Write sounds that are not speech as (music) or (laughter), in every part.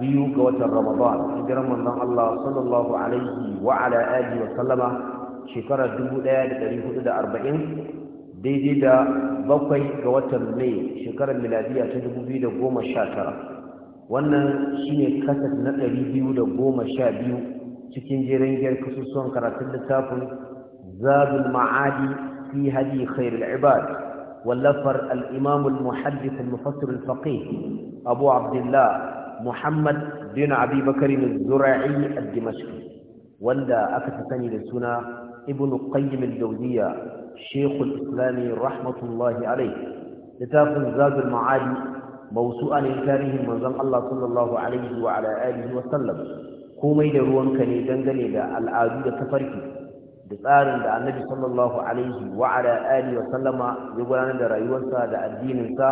biyu ga watan ramadan hijiran manzon Allah sallallahu alaihi wa ala alihi wa sallama shekarar 1440 daidai da bakwai ga watan mai shekarar miladiya ta 2019 wannan shine kasa na 212 cikin jerin gyar kasusuwan karatun littafin zabul ma'adi fi hadi al ibad واللفر الإمام المحدث المفسر الفقيه أبو abu abdullah. Muhammad bin Abi Bakari al-Zura'i al-Dimashqi wanda aka fi sani da suna Ibn Qayyim al-Jawziyya Sheikh al-Islam rahmatullahi alayhi litafin Zadul Ma'adi mawsu'a ne tarihin manzon Allah sallallahu alaihi wa ala alihi wa sallam komai da ruwanka ne dangane da al'adu da tafarki da tsarin da Annabi sallallahu alaihi wa ala alihi wa sallama ya gudanar da rayuwarsa da addininsa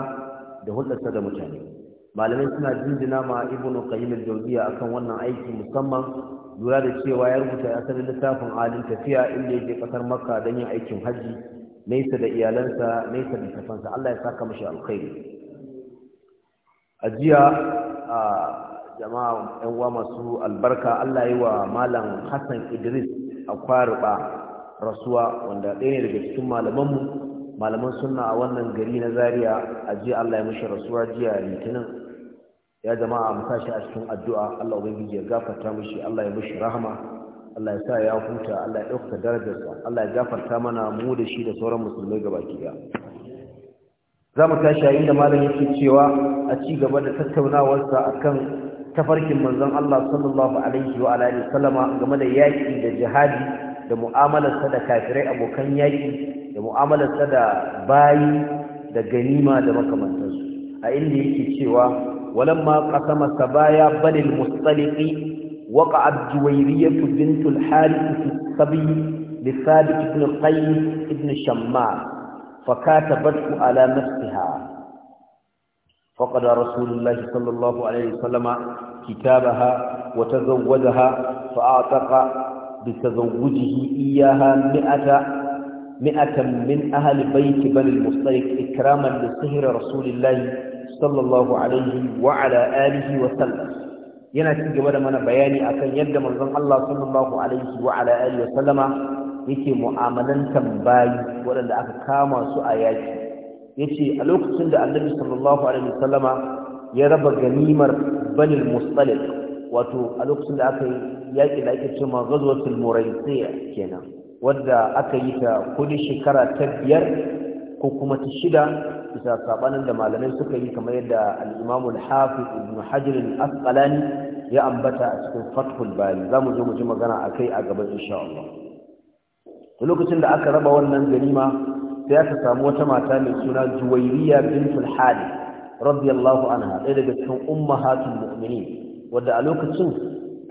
da hulɗarsa da mutane malamai suna jinjina ma ibnu qayyim al akan wannan aiki musamman lura da cewa ya rubuta asalin littafin alin tafiya inda yake kasar makka don yin aikin hajji nesa da iyalansa nesa da tafansa Allah ya saka mashi alkhairi a jiya a jama'a yan uwa masu albarka Allah ya yi wa malam Hassan Idris a kwaruba rasuwa wanda ɗaya ne daga cikin malamanmu malaman sunna a wannan gari na Zaria a jiya Allah ya mashi rasuwa jiya Litinin ya jama'a mu tashi a cikin addu'a Allah ubangiji ya gafarta mishi Allah ya mishi rahama Allah ya sa ya huta Allah ya dauka darajarsa Allah ya gafarta mana mu da shi da sauran musulmai gabaki Za mu tashi a inda malam yake cewa a ci gaba da tattaunawarsa akan tafarkin manzon Allah sallallahu alaihi wa alihi sallama game da yaki da jihadi da mu'amalarsa da kafirai abokan yaki da mu'amalarsa da bayi da ganima da makamantansu a inda yake cewa ولما قسم سبايا بني المصطلق وقعت جويرية بنت الحارث في الصبي لثابت بن قيس بن شمار فكاتبته على نفسها فقد رسول الله صلى الله عليه وسلم كتابها وتزوجها فأعتق بتزوجه إياها مئة مئة من أهل بيت بني المصطلق إكراما لصهر رسول الله sallallahu alaihi wa ala alihi wa sallam yana ci gaba da mana bayani akan yadda manzon Allah sallallahu alaihi wa ala alihi wa sallama yake mu'amalan bayi waɗanda aka kama su a yaki yace a lokacin da Annabi sallallahu alaihi wa sallama ya raba ganimar Banil Mustaliq wato a lokacin da aka yi yaki da ake cewa Ghazwatul Muraysiya kenan wadda aka yi ta kudi shekara ta biyar ko kuma ta shida bisa sabanin da malamai suka yi kamar yadda al-Imam al-Hafiz Ibn Hajar al-Asqalani ya ambata a cikin Fathul Bari zamu je mu ji magana akai a gaban insha Allah to lokacin da aka raba wannan ganima sai aka samu wata mata mai suna Juwayriya bintul Hadi radiyallahu anha ɗaya daga cikin ummahatul mu'minin wanda a lokacin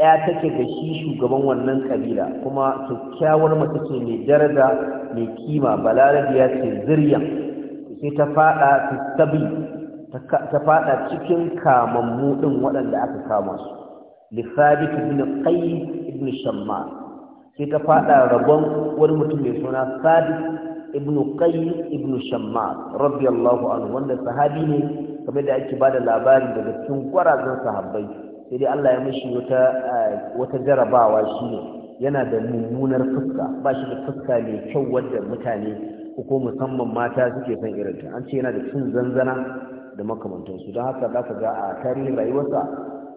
ya take da shi shugaban wannan kabila kuma kyakkyawar mace ce mai daraja mai kima balarabiya ce zirya sai ta fada ta fada cikin kamammu din waɗanda aka kama su li thabit ibn qais ibn shamma sai ta fada rabon wani mutum mai suna thabit ibn qais ibn shamma radiyallahu anhu wanda sahabi ne kamar da ake bada labarin daga cikin gwarazan sahabbai sai dai Allah ya mishi wata eh, wata jarabawa shine yana da mummunar fuska ba shi da fuska mai kyau wadda mutane ko musamman mata suke son irinta an ce yana da cin zanzana da makamantansu don haka za ka ga a tarihin rayuwarsa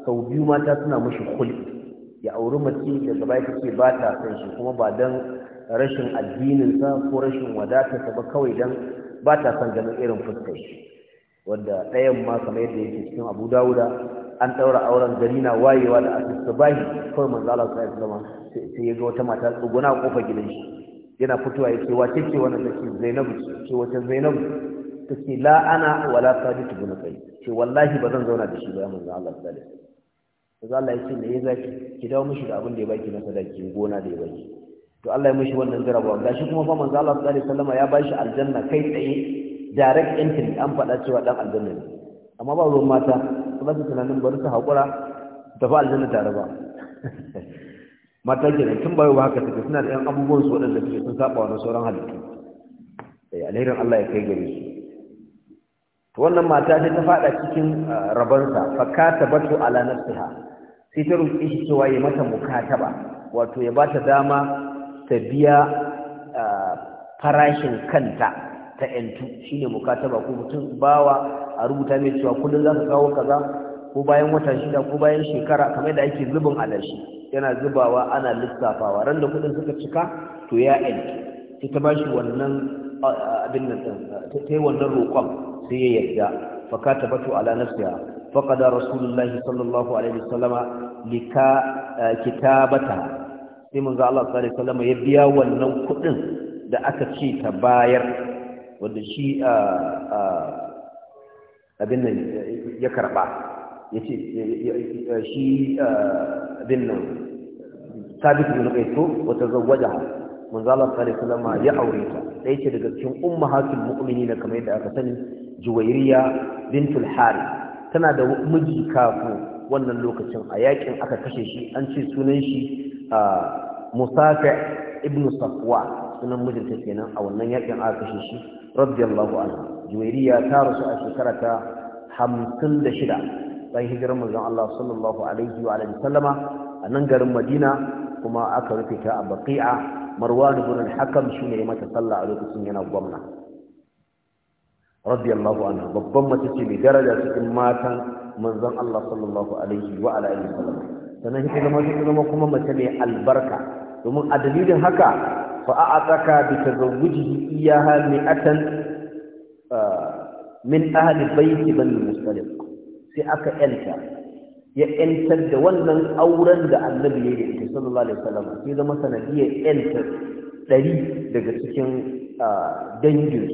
sau biyu mata suna mashi kulki ya auri mace da gaba ya ce ba ta son shi kuma ba don rashin addininsa ko rashin ta ba kawai don ba ta son ganin irin fuskar shi wanda ɗayan ma kamar yadda yake cikin abu dawuda an ɗaura auren gari na wayewa da asusu bahi kawai manzala sallallahu alaihi zama sai ya ga wata mata tsuguna a kofar gidan shi yana fitowa ya ce wace ce wannan take zainabu ce wace zainabu ta ce la ana wala sadiq bin kai ce wallahi ba zan zauna da shi ba manzo Allah sallallahu alaihi wasallam Allah ya ce me ya zaki ki dawo mishi da abin da ya baki na sadaki gona da ya baki to Allah ya mishi wannan jarabawa gashi kuma fa manzo Allah sallallahu alaihi wasallam ya bashi aljanna kai tsaye direct entry an faɗa cewa dan aljanna ne amma ba ruwan mata ba su tunanin bari su haƙura da aljanna tare ba (laughs) mata kenan tun bayo ba haka take suna da yan abubuwan su waɗanda suke sun saba wa sauran halittu eh alherin Allah ya kai gare su to wannan mata ta ta fada cikin ah, rabansa fa katabatu ala nafsiha sai ta roƙi shi cewa ya mata mukataba wato ya bata dama ta biya ah, farashin kanta ta yantu shine mukataba ko mutum bawa a rubuta mai cewa kullun za ka kawo kaza ko bayan wata shida ko bayan shekara kamar da ake zubin alashi yana zubawa ana lissafawa ran da kudin suka cika to ya aiki sai ta bashi wannan abin nan ta yi wannan roƙon sai ya yarda fa katabatu ala nafsiha fa qada rasulullahi sallallahu alaihi wasallama lika kitabata sai manzo Allah sallallahu alaihi wasallama ya biya wannan kudin da aka ce ta bayar wanda shi abin nan ya karba ya ce shi bin nan sabit bin wata zawwaja manzo Allah sallallahu ya aure ta sai ce daga cikin ummahatul na kamar yadda aka sani juwayriya bintul harith tana da miji kafin wannan lokacin a yakin aka kashe shi an ce sunan shi musafi ibn safwa sunan mijinta kenan a wannan yakin aka kashe shi radiyallahu anhu juwairiya ta rasu a shekara ta 56 bayan hijirar manzon Allah sallallahu alaihi wa alihi sallama a nan garin Madina kuma aka rufe ta a Baqi'a Marwan ibn al-Hakam shine ya mata sallah a lokacin yana gwamna radiyallahu anhu babban mace ce mai daraja cikin matan manzon Allah sallallahu alaihi wa alihi sallama sannan ita zama ta kuma mace mai albarka domin a dalilin haka fa a'ataka bi tazawwujihi iyaha mi'atan ah, min ahli bayti bani mustaliq sai aka yanta ya yantar da wannan auren da annabi ya yi ita sallallahu alaihi wasallam sai zama sanadiyar yantar ɗari daga cikin dangin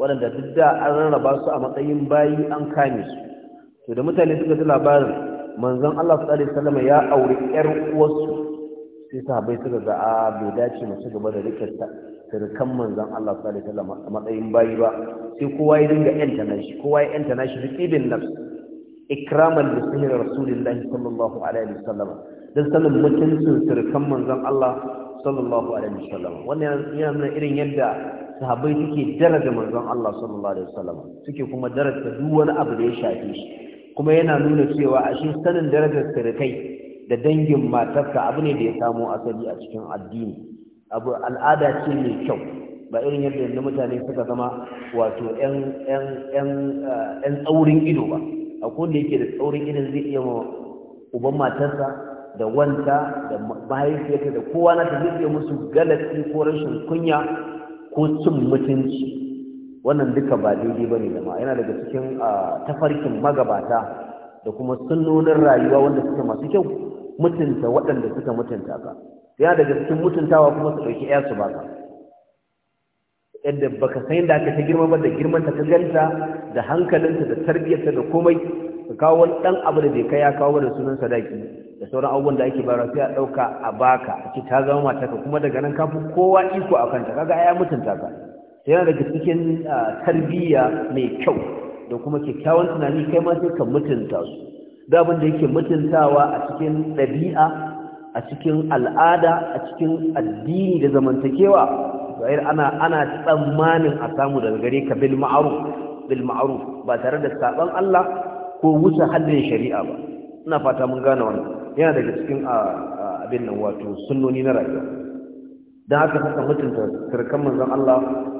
waɗanda duk da an rarraba su a matsayin bayi an kame su to da mutane suka ji labarin manzon Allah sallallahu alaihi wasallam ya aure ƴar uwarsu sai sahabbai suka ga a bai dace mu ci gaba da rike sirkan manzon Allah sallallahu alaihi wasallam a matsayin bayi ba sai kowa ya dinga yanta nashi kowa ya yanta nashi bi ibn ikraman da sunan rasulullahi sallallahu alaihi wasallam dan sanin mutuncin sirkan manzon Allah sallallahu alaihi wasallam wannan yana nuna irin yadda sahabbai suke daraja manzon Allah sallallahu alaihi wasallam suke kuma daraja duk wani abu da ya shafe shi kuma yana nuna cewa ashe sanin darajar sirikai da dangin matarka abu ne da ya samo asali a cikin addini abu al'ada ce mai kyau ba irin yadda na mutane suka zama wato 'yan tsaurin ido ba akwai da yake da tsaurin irin zai iya ma uban matarsa da wanta da mahaifiyarta da kowa na ta zai iya musu galati ko rashin kunya ko cin mutunci wannan duka ba daidai ba da zama yana daga cikin tafarkin magabata da kuma sunonin rayuwa wanda suke masu kyau mutunta waɗanda suka mutunta ka yana daga cikin mutuntawa kuma su ɗauki 'ya su ka. yadda baka san yadda aka ta girma ba da girman ta ganta da hankalinta da tarbiyyarta da komai ka kawo wani dan abu da bai kai ya kawo da sunan sadaki da sauran abubuwan da ake bara sai a dauka a baka a ce ta zama mata ka kuma daga nan ka fi kowa iko a kanta kaga ya mutunta ka sai yana daga cikin ah, tarbiyya mai kyau da kuma kyakkyawan tunani kai ma sai ka mutunta su da abin da yake mutuntawa a cikin ɗabi'a a cikin al'ada a cikin addini da zamantakewa gair ana ana tsammanin a samu daga ka bil ma'ruf bil ma'ruf ba tare da sabon Allah ko wuce haddin shari'a ba ina fata mun gane wannan yana daga cikin abin nan wato sunnoni na rayuwa dan haka saka mutunta sirkan manzon Allah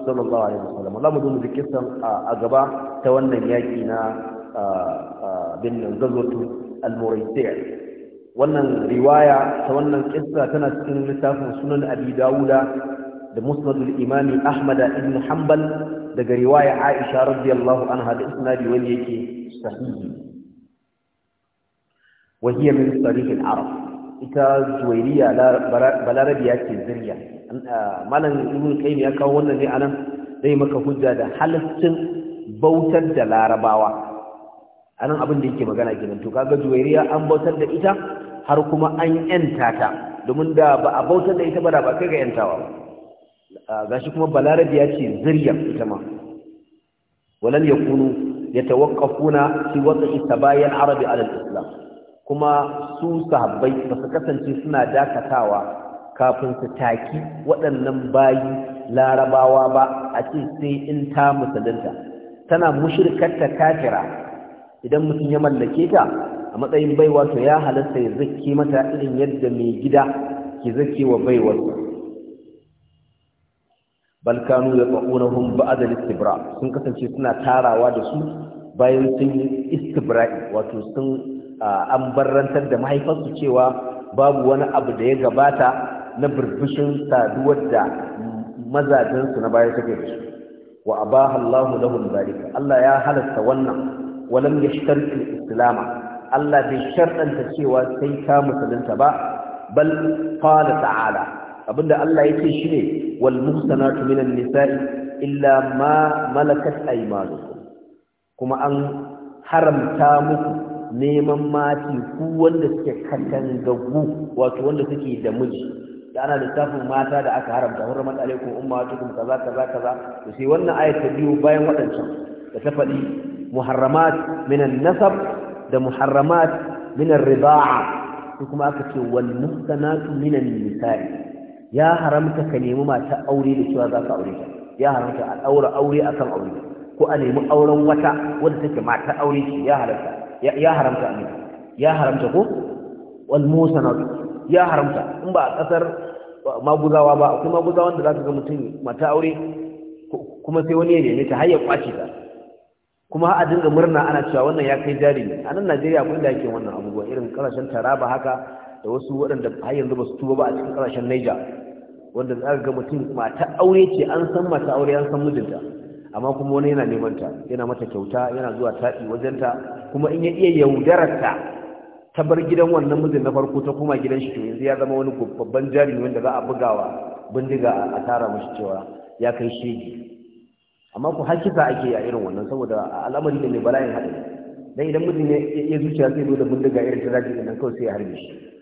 sallallahu alaihi wasallam Allah mu zo mu ji kissan a gaba ta wannan yaki na bin nan gazwatu al-muraysi' wannan riwaya ta wannan kissa tana cikin littafin sunan abi dawuda da musnadul imami ahmad ibn hanbal daga riwaya aisha radiyallahu anha da isnadi wani yake sahihi wa hiya min sarih al-arab ita juwayriya balarabiya ce zuriya malam ibn qayyim ya kawo wannan ne anan zai maka hujja da halaccin bautar da larabawa anan abin da yake magana kenan to kaga juwairiya an bautar da ita har kuma an yanta ta domin da ba a bautar da ita ba da ba kai ga yantawa ba gashi kuma balarabi ya ce zirya ita ma walan ya yatawaqqafuna fi waqti tabayyan arabi ala islam kuma su sahabbai ba su kasance suna dakatawa kafin su taki waɗannan bayi larabawa ba a ce sai in ta musulunta tana mushirkarta kafira idan mutum ya mallake ta a matsayin baiwa to ya halatta ya zake mata irin yadda mai gida ke zake wa baiwarsa bal kanu yaqunahum ba'da al-istibra sun kasance suna tarawa da su bayan sun yi istibra'i wato sun an barrantar da mahaifarsu cewa babu wani abu da ya gabata na burbushin saduwar da mazajensu na baya suke da su wa abaha Allahu lahum zalika Allah ya halatta wannan walam yashtarit al-islam Allah bai sharɗanta cewa sai ka musulunta ba bal qala ta'ala abinda Allah yake shine wal muhsanatu minan nisa'i illa ma malakat aymanukum kuma an haramta muku neman mati ku wanda suke katangagu wato wanda suke da miji da ana lissafin mata da aka haramta hurmat alaikum ummatukum kaza kaza kaza to sai wannan ayat ta biyo bayan waɗancan da ta faɗi muharramat minan nasab da muharramat minan rida'a kuma aka ce wal muhsanatu minan nisa'i ya haramta ka nemi mata aure da cewa za ka aure ta ya haramta a ɗaura aure a kan aure ko a nemi auren wata wadda take mata aure ce ya haramta ya haramta ne ya haramta ko wal musanatu ya haramta in ba a ƙasar maguzawa ba akwai maguzawa wanda za ka ga mutum mata aure kuma sai wani ya nemi ta har ya kwace ta kuma a dinga murna ana cewa wannan ya kai jari ne a nan najeriya akwai da yake wannan abubuwa irin ƙasashen taraba haka da wasu waɗanda har yanzu ba su tuba ba a cikin ƙasashen naija wanda za ga mutum mata aure ce an san mata aure an san mijinta amma kuma wani yana neman ta yana mata kyauta yana zuwa taɗi wajenta kuma in ya iya yaudarar ta ta bar gidan wannan mijin na farko ta koma gidan shi to yanzu ya zama wani babban jarumi wanda za a bugawa bindiga a tara mashi cewa ya kai shege amma ku har kisa ake a irin wannan saboda al'amari ne mai bala'in haɗari dan idan mijin ya zuciya zai zo da bindiga irin ta zaki nan kawai sai ya harbe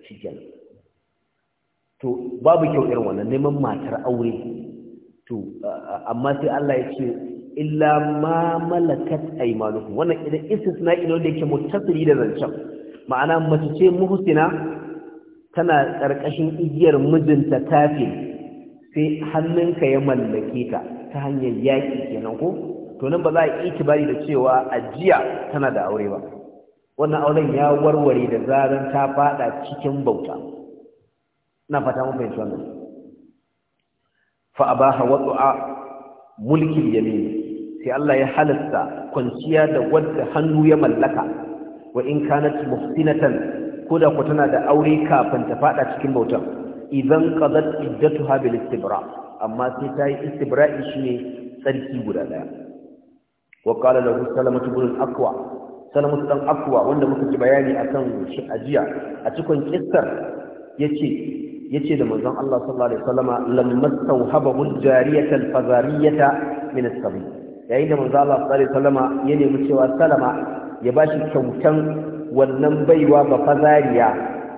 shi to babu kyau irin wannan neman matar aure to amma sai Allah ya ce illa ma malakat aymanukum wannan idan istisna ne da yake mutasiri da zancen ma'ana mace ce muhsina tana karkashin igiyar mijinta tafi sai hannunka ya mallake ta ta hanyar yaki kenan ko to nan ba za a yi kibari da cewa ajiya tana da aure ba wannan auren ya warware da zaran ta fada cikin bauta ina fata mun fahimci wannan fa abaha wad'a mulkin yamin sai Allah ya halasta kwanciya da wadda hannu ya mallaka wa in kanat muhsinatan ko da ku tana da aure kafin ta fada cikin bautan idan qadat iddatuha bil istibra amma sai ta yi istibra'i shine tsarki guda daya wa qala lahu salamatu bin aqwa salamatu dan aqwa wanda muka ji bayani akan shi ajiya a cikin kissar yace yace da manzon Allah sallallahu alaihi wasallama al fazariyata min as-sabi yayin da manzon Allah sallallahu alaihi wasallama ya nemi cewa salama ya bashi kyautan wannan baiwa ba fazariya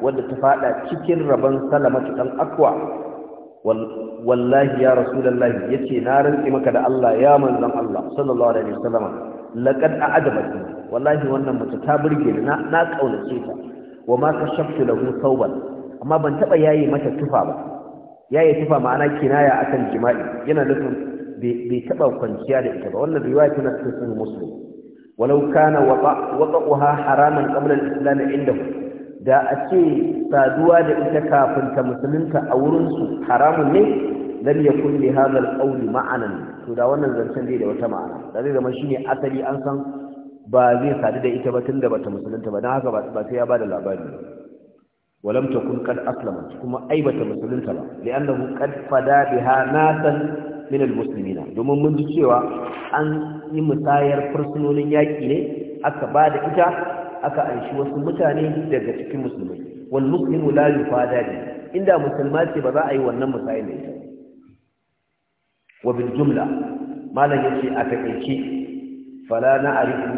wanda ta fada cikin rabon salama dan akwa wallahi ya rasulullahi yace na rantsi maka da Allah ya manzon Allah sallallahu alaihi wasallama laqad a'jabaki wallahi wannan mace ta burge ni na na kaunace ta wa ma kashaftu lahu thawban amma ban taɓa yaye mata tufa ba yaye tufa ma'ana kinaya akan jima'i yana nufin bai taɓa kwanciya da ita ba wannan riwaya tana cikin sunan muslim walau kana wata'uha haraman qabla al-islam indahu da a ce saduwa da ita kafin ta musulunta a wurin su haramun ne lam yakun li hadha al-qawl ma'anan to da wannan zancen bai da wata ma'ana da zai zama shine asali an san ba zai sadu da ita ba tunda bata musulunta ba dan haka ba sai ya bada labari ولم تكن قد اسلمت كما ايبت مسلمتها لا لانه قد فدا musulmi na. Domin mun دوما cewa an yi musayar فرسولين yaƙi ne aka ba da ita aka anshi wasu mutane daga cikin musulmai wal muslimu la yufada bi inda musulmai ba za a yi wannan musayil ne wa Wabin jumla malan yace a takeice fala na arifu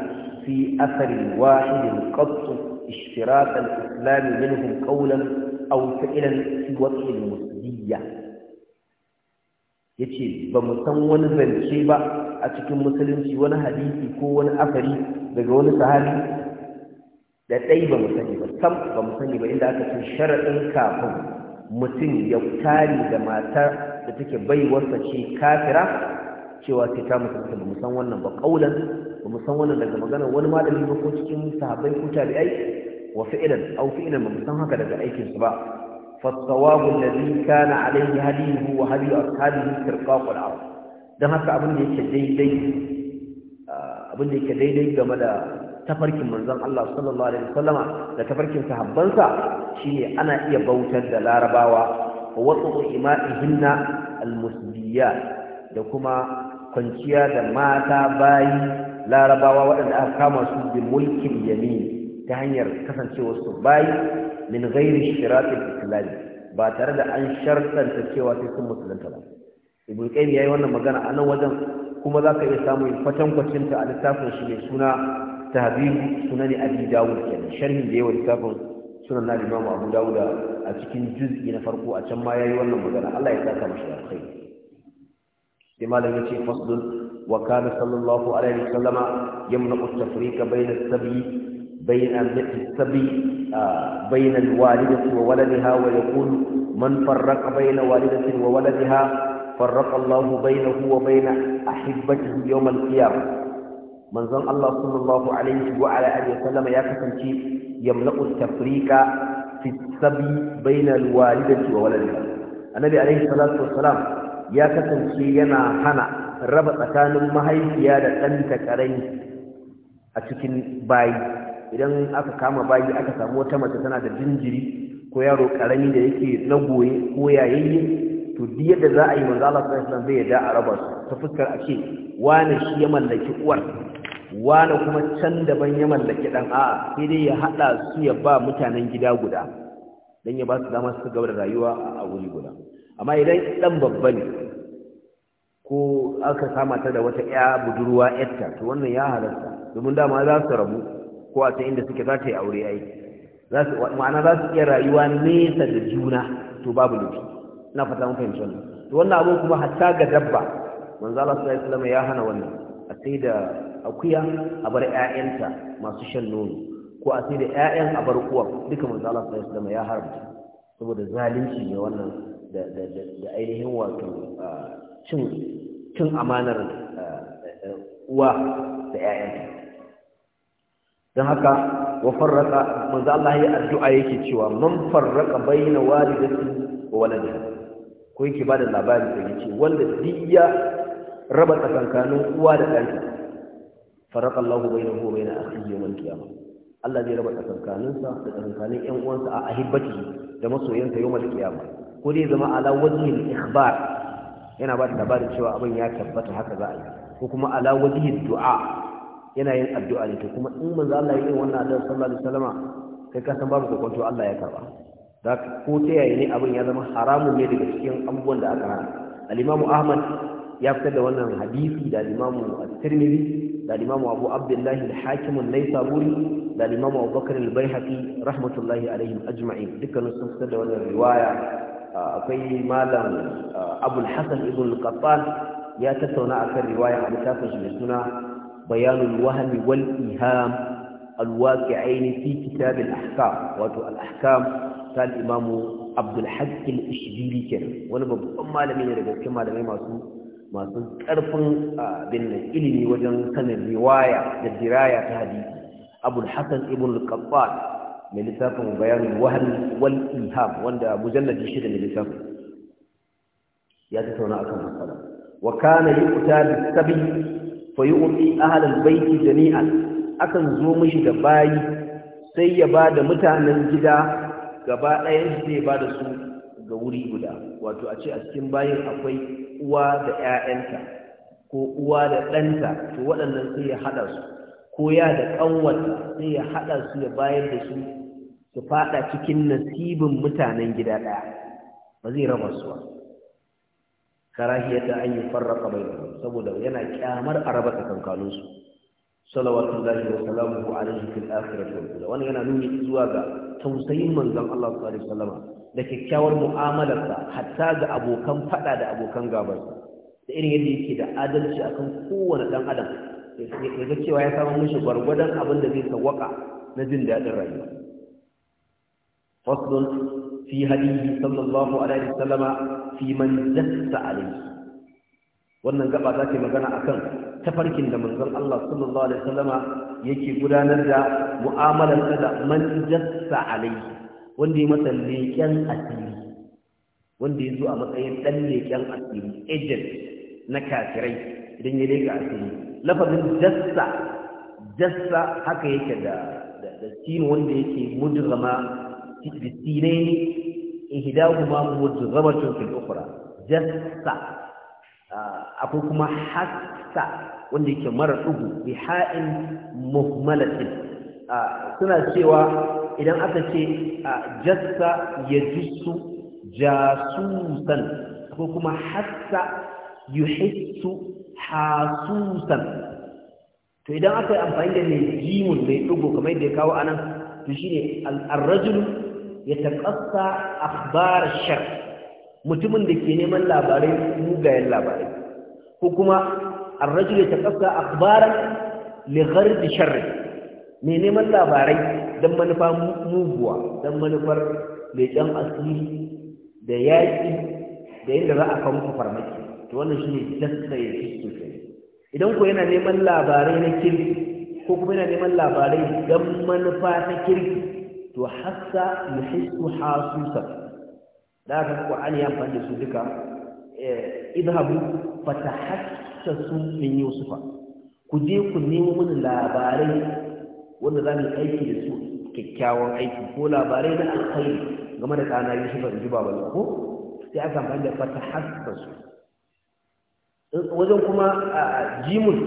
fi asari wahidin qatt اشتراك الإسلام منهم قولا أو فعلا في وقت المسلية yace ba mu san wani zance ba a cikin musulunci wani hadisi ko wani afari daga wani sahabi da ɗai ba mu sani ba sam ba mu sani ba inda aka ce sharaɗin kafin mutum ya tari da matar da take baiwarsa ce kafira cewa sai ta musulunta ba mu san wannan ba ƙaulan ba mu san wannan daga magana wani malami ba ko cikin sahabbai ko tabi'ai wa fi'lan aw fi'lan ba mu san haka daga aikin su ba fa thawabu alladhi kana alayhi hadihi wa hadi ashabihi tirqaq al-ard dan haka abin da yake daidai ah, abin da yake daidai game da tafarkin manzon Allah sallallahu alaihi wasallama da tafarkin sahabbansa shine ana iya bautar da larabawa wa wadu ima'ihinna al da kuma kwanciya da mata bayi larabawa waɗanda aka kama su bi mulkin yamin ta hanyar kasancewa su bayi min ghairi shiratil islami ba tare da an shartanta cewa sai sun musulunta ba ibn qayyim yayi wannan magana a nan wajen kuma zaka iya samun kwatankwacin ta a littafin shi mai suna tahbib sunan abi dawud kenan sharhin da yawa littafin sunan na imam abu dawud a cikin juz'i na farko a can ma yayi wannan magana Allah ya saka mashi alkhairi sai malam ya ce faslun wa kana sallallahu alaihi wasallama yamna bayna sabi bayna sabi bayna wa waladiha wa yaqul man farraqa bayna wa waladiha farraqa Allahu wa bayna ahibbatihi yawm manzon Allah sallallahu alaihi wa ala alihi wasallama ya kasance yamna'u fi sabi wa waladiha annabi alaihi salatu wassalam ya kasance yana hana raba tsakanin mahaifiya da ɗanta ƙarai a cikin bayi idan aka kama bayi aka samu wata mace tana da jinjiri ko yaro ƙarami da yake na goye ko yayayye to duk yadda za a yi manzo Allah sallallahu alaihi wasallam zai yarda a raba su ta fuskar a ce wani shi ya mallaki uwar wani kuma can daban ya mallaki dan a'a sai dai ya hada su ya ba mutanen gida guda dan ya ba su dama su gaba da rayuwa a wuri guda amma idan dan babba ne ko aka sama ta da wata ya budurwa yarta to wannan ya halarta domin dama za su rabu ko a ta inda suke za ta yi aure ai za su ma'ana za su iya rayuwa nesa da juna to babu nufi ina fata mun fahimci wannan to wannan abu kuma hatta ga dabba manzo Allah sallallahu alaihi wasallam ya hana wannan a sai da akuya a bar ƴaƴanta masu shan nono ko a sai da ƴaƴan a bar uwa, duka manzo Allah sallallahu alaihi wasallam ya haramta saboda zalunci ne wannan da ainihin wato ah, cin amanar eh, eh, uwa da 'ya'yanta don haka wa farraka manzo Allah ya addu'a yake cewa man farraka baina walidati wa waladiha ko yake bada labari da yake wanda diya raba tsakankanin uwa da ɗanta farraka Allah bainahu wa baina akhihi yawm al-qiyamah Allah zai raba tsakankaninsa da tsakankanin ƴan uwansa a ahibbati da masoyanta yau al ko dai zama ala wajhi al-ikhbar yana ba da labarin cewa abin ya tabbata haka za a yi ko kuma ala wajihi du'a yana yin addu'a ne to kuma in manzo Allah ya yi wannan addu'a sallallahu alaihi wasallama kai ka san babu kokonto Allah ya karba da ko ta yaya ne abin ya zama haramun ne daga cikin abubuwan da aka hana al Ahmad ya fitar da wannan hadisi da al At-Tirmidhi da al-Imam Abu Abdullah al-Hakim an da al-Imam Abu al-Baihaqi rahmatullahi alaihim ajma'in dukkan sun fitar da wannan riwaya akwai malam abul hasan ibn qattan ya tattauna akan riwaya a littafin shi mai suna bayanul wahmi wal iham aini fi kitab al-ahkam wato al-ahkam ta imamu abdul haqq al wani babban malami ne daga cikin malamai masu masu ƙarfin abin ilimi wajen sanin riwaya da diraya ta hadisi abul hasan ibn al mai littafin bayanin wahal wal ilham wanda mujalladi shida ne littafin ya tattauna akan matsala wa kana yuqta bi sabi fa yu'ti ahli al-bayt jami'an akan zo mishi da bayi sai ya bada mutanen gida gaba ɗayan sai ya bada su ga wuri guda wato a ce a cikin bayin akwai uwa da ƴaƴanta ko uwa da ɗanta to waɗannan sai ya haɗa su ko ya da ƙanwata sai ya haɗa su ya bayar da su su fada cikin nasibin mutanen gida daya ba zai raba su ba karahiyata an yi farraka bai saboda yana kyamar a raba tsakankaninsu salawatun lahi wa salamuhu alaihi fil akhirati wal Da wani yana nuni zuwa ga tausayin manzan Allah su alaihi salama da kyakkyawar mu'amalarsa hatta ga abokan fada da abokan gabarsa da irin yadda yake da adalci akan kowane dan adam ya ga cewa ya samu mishi gwargwadon abin da zai sawaka na jin daɗin rayuwa فصل في هديه صلى الله عليه وسلم في من دس عليه wannan gaba za magana akan tafarkin da manzon Allah sallallahu alaihi wasallama yake gudanar da mu'amalar da man jassa wanda ya masa leƙen asiri wanda ya zo a matsayin ɗan leƙen asiri agent na kafirai idan ya leƙa asiri lafazin jassa jassa haka yake da da wanda yake mudrama بسينين إهداهما مجرمة في الأخرى جسا أقول كما حسة wanda yake mara ɗugu bi ha'in muhmalatin suna cewa idan aka ce jassa ya jissu jasusan ko kuma to idan aka yi amfani da mai jimun mai ɗugu kamar yadda ya kawo anan to shine al-rajulu ya taƙasa akhbar shar mutumin da ke neman labarai mugayen labarai ko kuma arrajul ya taƙasa akhbaran li gharb shar mai neman labarai dan manufa muguwa dan manufar leƙen asiri da yaƙi da yadda za a kawo farmaki to wannan shine dasta ya fito idan ko yana neman labarai na kirki ko kuma yana neman labarai dan manufa ta kirki to hatta yuhissu hasusa da ku Qur'ani ya amfani su duka eh, idhabu fatahassasu min yusufa ku je ku nemo mun labarai wanda za mu aiki da su kyakkyawan aiki ko labarai na alkhairi game da kana yusufa in ji ba wani ko sai aka amfani da fatahassasu wajen kuma jimun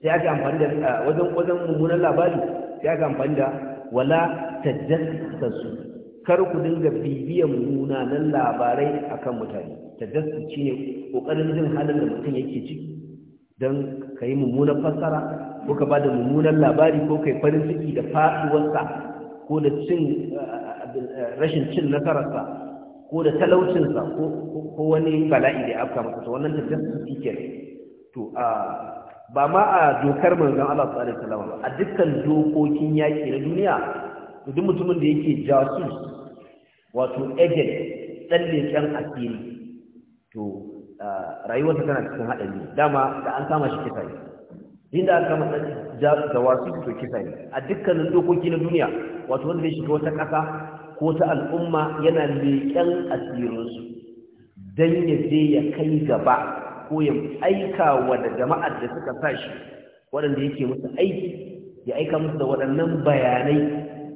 sai aka amfani da wajen wajen mummunan labari sai aka amfani da wala tajassasu kar ku dinga bibiyan munanan labarai akan mutane tajassus ne kokarin jin halin da mutum yake ciki don ka yi mummunan fassara ko ka ba da mummunan labari ko ka farin ciki da faɗuwarsa ko da cin rashin cin nasararsa ko da talaucinsa ko wani bala'i da ya afka masa wannan tafiya su ke to a ah, ba ma a dokar manzan Allah sallallahu alaihi wasallam a dukkan dokokin yaƙi na duniya duk mutumin da yake jasus wato ejen ɗan leƙen asiri to rayuwar ta tana cikin haɗari dama da an kama shi kisa ne da an kama da wasu to kisa ne a dukkanin dokoki na duniya wato wanda zai shiga wata ƙasa ko ta al'umma yana leƙen asirinsu don ya je ya kai gaba ko ya aika wa da jama'ar da suka sa shi waɗanda yake musu aiki ya aika musu da waɗannan bayanai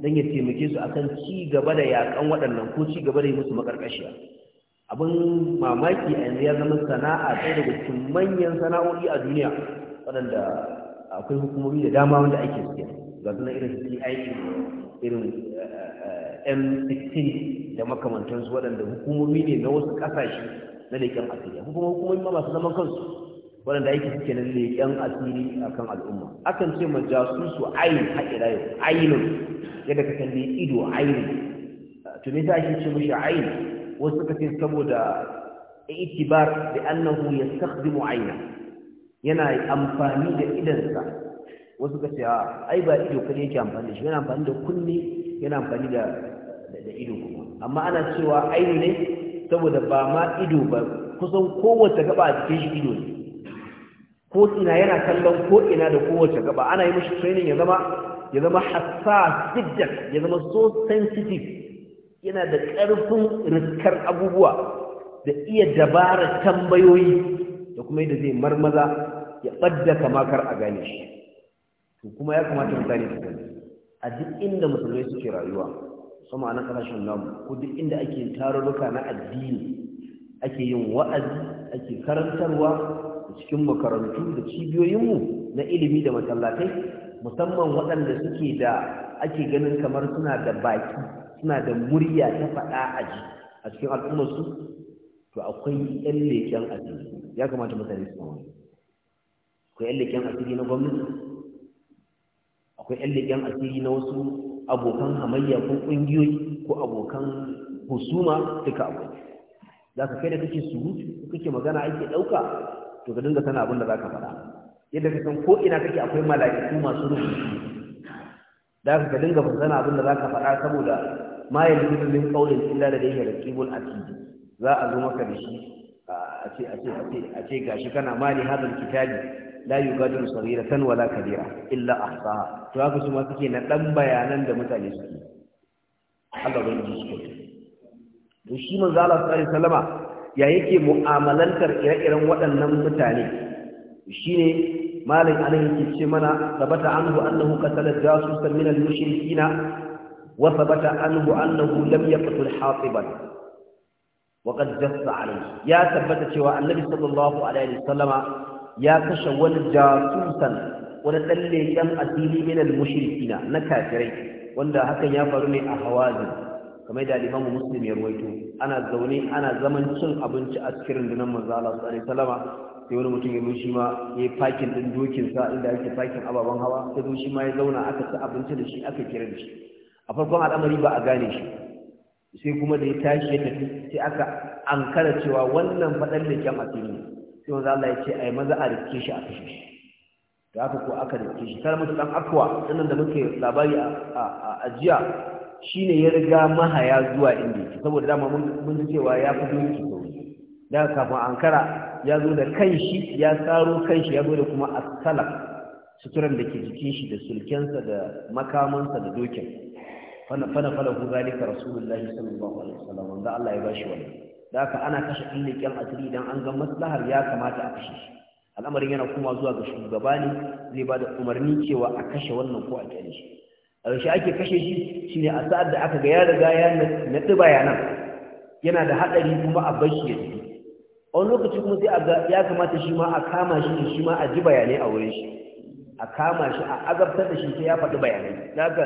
don ya taimake su akan ci gaba da yaƙan waɗannan ko ci gaba da yi musu makarkashiya abin mamaki a yanzu ya zama sana'a ɗaya daga cikin manyan sana'o'i a duniya waɗanda akwai hukumomi da dama wanda ake siya ga suna irin aiki irin eh, eh, eh, M16 da makamantansu waɗanda hukumomi ne na wasu ƙasashe na leƙen asiri ko kuma hukumomi ma masu zaman kansu waɗanda ake suke na leƙen asiri a kan al'umma akan ce ma jasusu ayin haƙira yau ayinun yadda ka kalli ido ayin to me yasa ake ce mishi ayin wasu suka ce saboda itibar da annahu yastakhdimu ayna yana amfani da idansa wasu suka ce ai ba ido kada yake amfani da shi yana amfani da kunne yana amfani da da ido kuma amma ana cewa Ayin ne saboda ba ma ido ba kusan kowace gaba a cikin shi ido ne ko ina yana kallon ko ina da kowace gaba ana yi mashi training ya zama ya zama hassa siddak ya zama so sensitive yana da ƙarfin riskar abubuwa da iya dabarar tambayoyi da kuma yadda zai marmaza ya ɓadda kamakar a gane shi to kuma ya kamata mutane su gani a duk inda musulmai suke rayuwa sama na kasashen namu ko duk inda ake tarurruka na addini ake yin wa'azi ake karantarwa da cikin makarantu da cibiyoyinmu na ilimi da masallatai musamman waɗanda suke da ake ganin kamar suna da baki suna da murya ta faɗa a ji a cikin al'ummarsu to akwai 'yan leƙen asiri ya kamata mutane su kama akwai 'yan leƙen asiri na gwamnati akwai 'yan leƙen asiri na wasu abokan hamayya ko ƙungiyoyi ko abokan husuma duka akwai za ka kai da kake surutu kake magana ake ɗauka to ka dinga sana abin da za ka faɗa yadda ka san ko ina kake akwai mala'iku masu rubutu Da ka dinga fasana abin da za ka faɗa saboda ma yanzu min ƙaunin illa da yake da kibul akidi za a zo maka da shi a ce a ce a ce gashi kana mali hadal kitabi la yugadiru saghiratan wala kabira illa ahsaha to haka su ma suke na dan bayanan da mutane suke Allah bai ji su to shi manzo Allah sallallahu alaihi wasallama ya yake mu'amalantar ire-iren waɗannan mutane shine malik anan yake ce mana sabata anhu annahu qatala jasusan min al-mushrikina wa sabata anhu annahu lam yaqtul hatiban وقد Jassa عليه Ya tabbata cewa annabi sallallahu alaihi wasallama ya kashe wani jasusan wani ɗan addini asiri min al-mushrikina na kafirai wanda hakan ya faru ne a hawazin kamar da limamu muslim ya ruwaito ana zaune ana zaman cin abinci a cikin rundunar manzo Allah sallallahu alaihi sai wani mutum ya zo shi ma ya yi fakin ɗin dokinsa inda ake fakin ababen hawa sai zo shi ma ya zauna aka ci abinci da shi aka kira da shi a farkon al'amari ba a gane shi sai kuma da ya tashi ya tafi sai aka ankara cewa wannan faɗan da kyan asiri sai Allah ya ce a maza a rike shi a kashe shi da aka ko aka rike shi kar mutu dan akwa sannan da muke labari a ajiya shine ya riga mahaya zuwa inda yake saboda dama mun cewa ya fi doki sauri da kafin ankara ya zo da kanshi ya tsaro kanshi ya zo da kuma asalak suturan da ke jikin shi da sulkensa da makamansa da dokin fana fana fana hu zalika rasulullahi sallallahu alaihi wasallam wanda Allah ya bashi wannan da haka ana kashe ɗan leƙen asiri idan an ga maslahar ya kamata a kashe shi al'amarin yana kuma zuwa ga shugaba ne zai ba da umarni cewa a kashe wannan ko a kyale shi a yaushe ake kashe shi shine a sa'ad da aka ga ya riga ya naɗi bayanan yana da haɗari kuma a bar shi ya tafi a wani lokaci kuma sai a ga ya kamata shi ma a kama shi shi ma a ji bayanai a wurin shi a kama shi a azabtar da shi sai ya faɗi bayanai da haka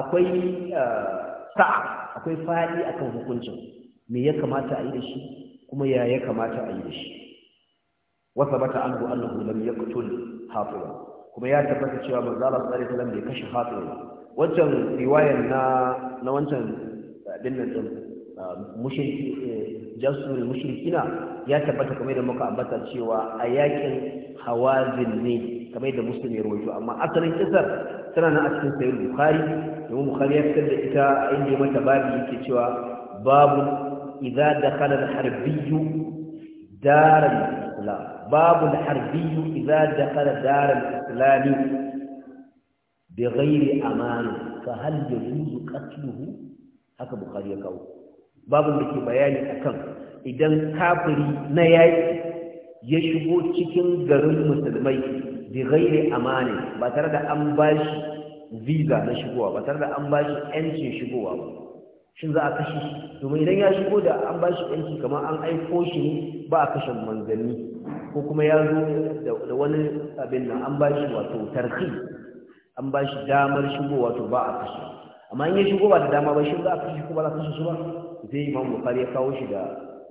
akwai eh, sa'a akwai faɗi akan hukuncin me ya kamata a yi da shi kuma ya ya kamata a yi da shi wa sabata anhu annahu lam yaqtul hafiya kuma ya tabbata cewa manzo Allah sallallahu alaihi wasallam bai kashe hafiya wancan riwayar na na wancan din nan din um, mushriki eh, jasul mushrikina ya tabbata kamar da muka ambata cewa a yakin hawazin ne kamar da muslim rawaito amma asalin kisar tana nan a cikin sayyid bukhari domin bukhari ya fitar da ita inda mata babu yake cewa babu إذا دخل الحربي دار الإسلام باب الحربي إذا دخل دار الإسلام بغير أمان فهل يجوز قتله هكا بخاري يقول باب الذي بياني أكم إذا كافري نياي يشبو تشكين غرم مسلمي بغير أمان باترد أنباش فيزا نشبوها باترد أنباش أنشي شبوها shin za a kashe shi domin idan ya shigo da an ba shi yanki kamar an aiko shi ne ba a kashe manzanni ko kuma ya zo da wani abin nan an ba shi wato tarhi an ba shi damar shigo wato ba a kashe amma in ya shigo ba da dama ba shi za a kashe ko ba za a kashe shi ba zai imam bukari ya kawo shi da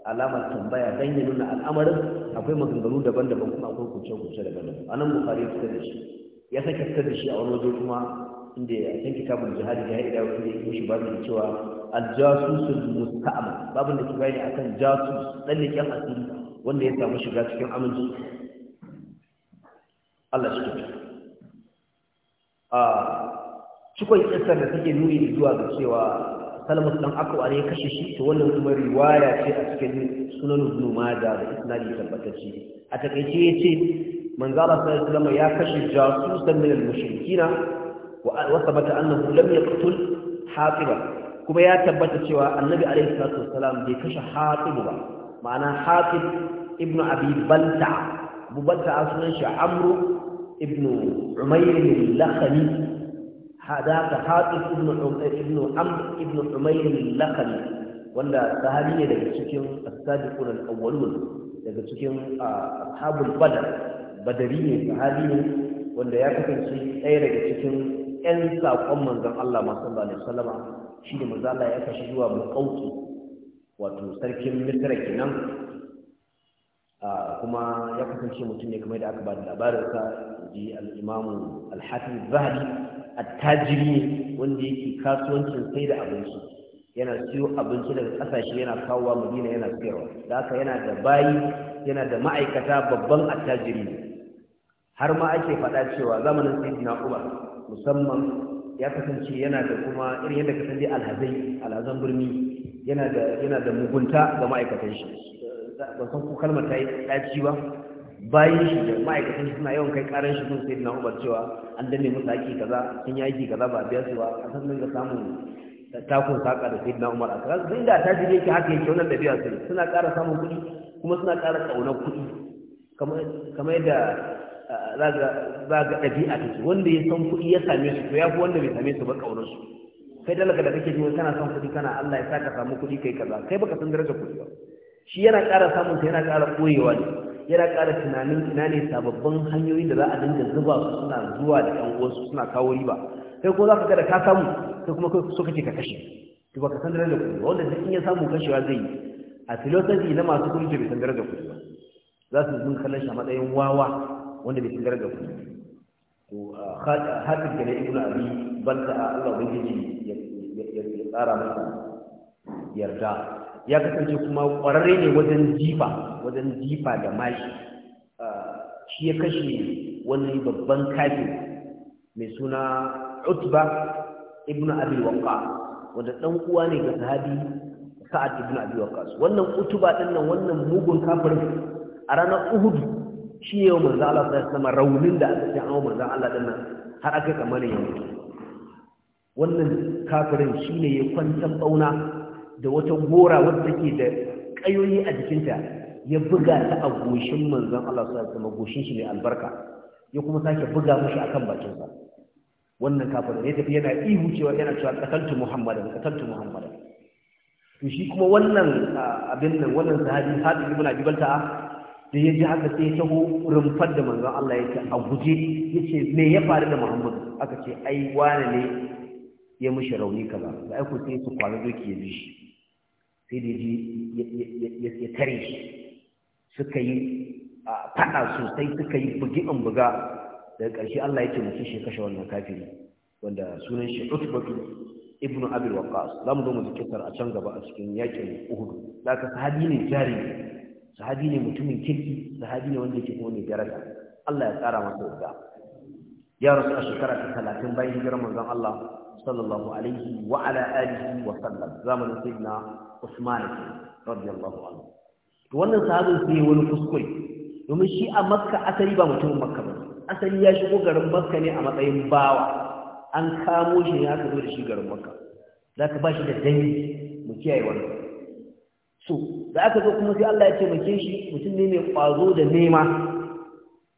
alamar tambaya dan ya nuna al'amarin akwai maganganu daban-daban kuma akwai kuce-kuce daban-daban anan bukari ya fitar da shi ya sake fitar da shi a wani waje kuma inda ya san kafin jihadi da ya ida wanda ya yi shi ba da cewa aljasusul musta'mal babin da ke bayani akan jasus dan leken asiri wanda ya samu shiga cikin aminci Allah shi ke a cikon kissar da take nuni zuwa ga cewa salmus dan akwa ne kashe shi to wannan kuma riwaya ce a cikin sunan ibn da isnadi tabbatacce a takaice yace manzo Allah sallallahu alaihi wasallam ya kashe jasusan min al-mushrikina wa sabata annahu lam yaqtul haqiban kuma ya tabbata cewa annabi alaihi salatu wassalam bai kashe hatib ba ma'ana hatib ibn abi balta abu balta sunan shi amru ibn umayr al-lakhani hadaka hatib ibn ibn amr ibn umayr al-lakhani wanda sahabi ne daga cikin as-sabiqun al-awwalun daga cikin ashabul badr badari ne sahabi ne wanda ya kasance ɗaya daga cikin 'yan saƙon manzon Allah masu Allah alaihi shi da mazala ya kashi zuwa mukauki wato sarkin Misra kenan kuma ya kasance mutum ne kamar da aka ba da labarin sa ji al-Imam al-Hafiz Zahabi attajiri wanda yake kasuwancin sai da abinci yana siyo abinci daga ƙasashe yana kawowa Madina yana siyarwa da haka yana da bayi yana da ma'aikata babban attajiri har ma ake faɗa cewa zamanin Sayyidina Umar musamman ya kasance yana da kuma irin yadda ka sanje alhazai alhazan birni yana da yana da mugunta ga ma'aikatan shi ban san ko kalmar ta yi ɗaci ba bayan shi da ma'aikatan shi suna yawan kai karan shi sun sai na umar cewa an danne musu aiki kaza sun yi aiki kaza ba biya su ba a san ga samun takun saka da sai na umar a kaza sun da ta ji yake haka yake wannan biya su suna ƙara samun kuɗi kuma suna ƙara ƙaunar kuɗi kamar yadda za ga ɗabi'a take wanda ya san kuɗi ya same su to ya fi wanda bai same su ba ƙaunar su kai dalaka da kake jin kana son kuɗi kana Allah ya saka samu kuɗi kai kaza kai baka san darajar kuɗi ba shi yana ƙara samun sa yana ƙara koyewa ne yana ƙara tunanin ina ne sababbin hanyoyi da za a dinga zuba su suna zuwa da ƴan uwansu suna kawo riba kai ko za ka ga da ka samu kai kuma kai so kake ka kashe to baka san darajar kuɗi ba wanda duk in ya samu kashewa zai yi a filosofi na masu kuɗi bai san darajar kuɗi ba za su zun kallon shi a matsayin wawa wanda bai shigar da ku to hafiz kenan ibn abi balta Allah ubangiji ya tsara masa yarda ya kasance kuma kwararre ne wajen jifa wajen jifa da mashi shi ya kashe wani babban kafin mai suna utba Ibn abi wanka. wanda dan uwa ne ga sahabi sa'ad ibn abi wanka. wannan utuba din nan wannan mugun kafirin a ranar uhud shi yau manzo Allah sai sama raunin da aka ce an Manzan Allah din nan har aka kamar ya mutu wannan kafirin shi ne ya kwantan ɓauna da wata gora wadda take da ƙayoyi a jikinta ya buga ta a goshin Manzan Allah sai sama goshin shi ne albarka ya kuma sake buga mishi a kan bakinsa. wannan kafirin ya tafi yana ihu cewa yana cewa qataltu muhammadin, qataltu muhammadin. to shi kuma wannan ah, abin nan wannan sahabi Sa'id ibn Abi Balta'a da ya ji haka sai taho rumfar da manzon Allah yake a guje yace me ya faru da Muhammad aka ce ai wane ne ya mishi rauni kaza da ai ku sai su kwana doki ya ji shi sai da ji ya tare shi suka yi fada sosai suka yi bugi buga daga ƙarshe Allah yake mutum shi kashe wannan kafiri wanda sunan shi Utbatu ibnu Abi Waqqas zamu zo mu zikir a can gaba a cikin yakin Uhud ka sahabi ne jari sahabi ne mutumin kirki sahabi ne wanda yake kone daraja Allah ya tsara masa yarda ya rasu a shekara ta talatin bayan hijirar manzon Allah sallallahu alaihi wa ala alihi wa sallam zamanin sayyidina Usman radiyallahu anhu to wannan sahabin sai wani kuskure domin shi a Makka asali ba mutumin Makka ba asali ya shigo garin Makka ne a matsayin bawa an kamo shi ne aka zo da shi garin Makka zaka ba shi da dangi mu kiyaye wannan so da aka zo kuma sai Allah ya ce muke shi mutum ne mai ƙwazo da nema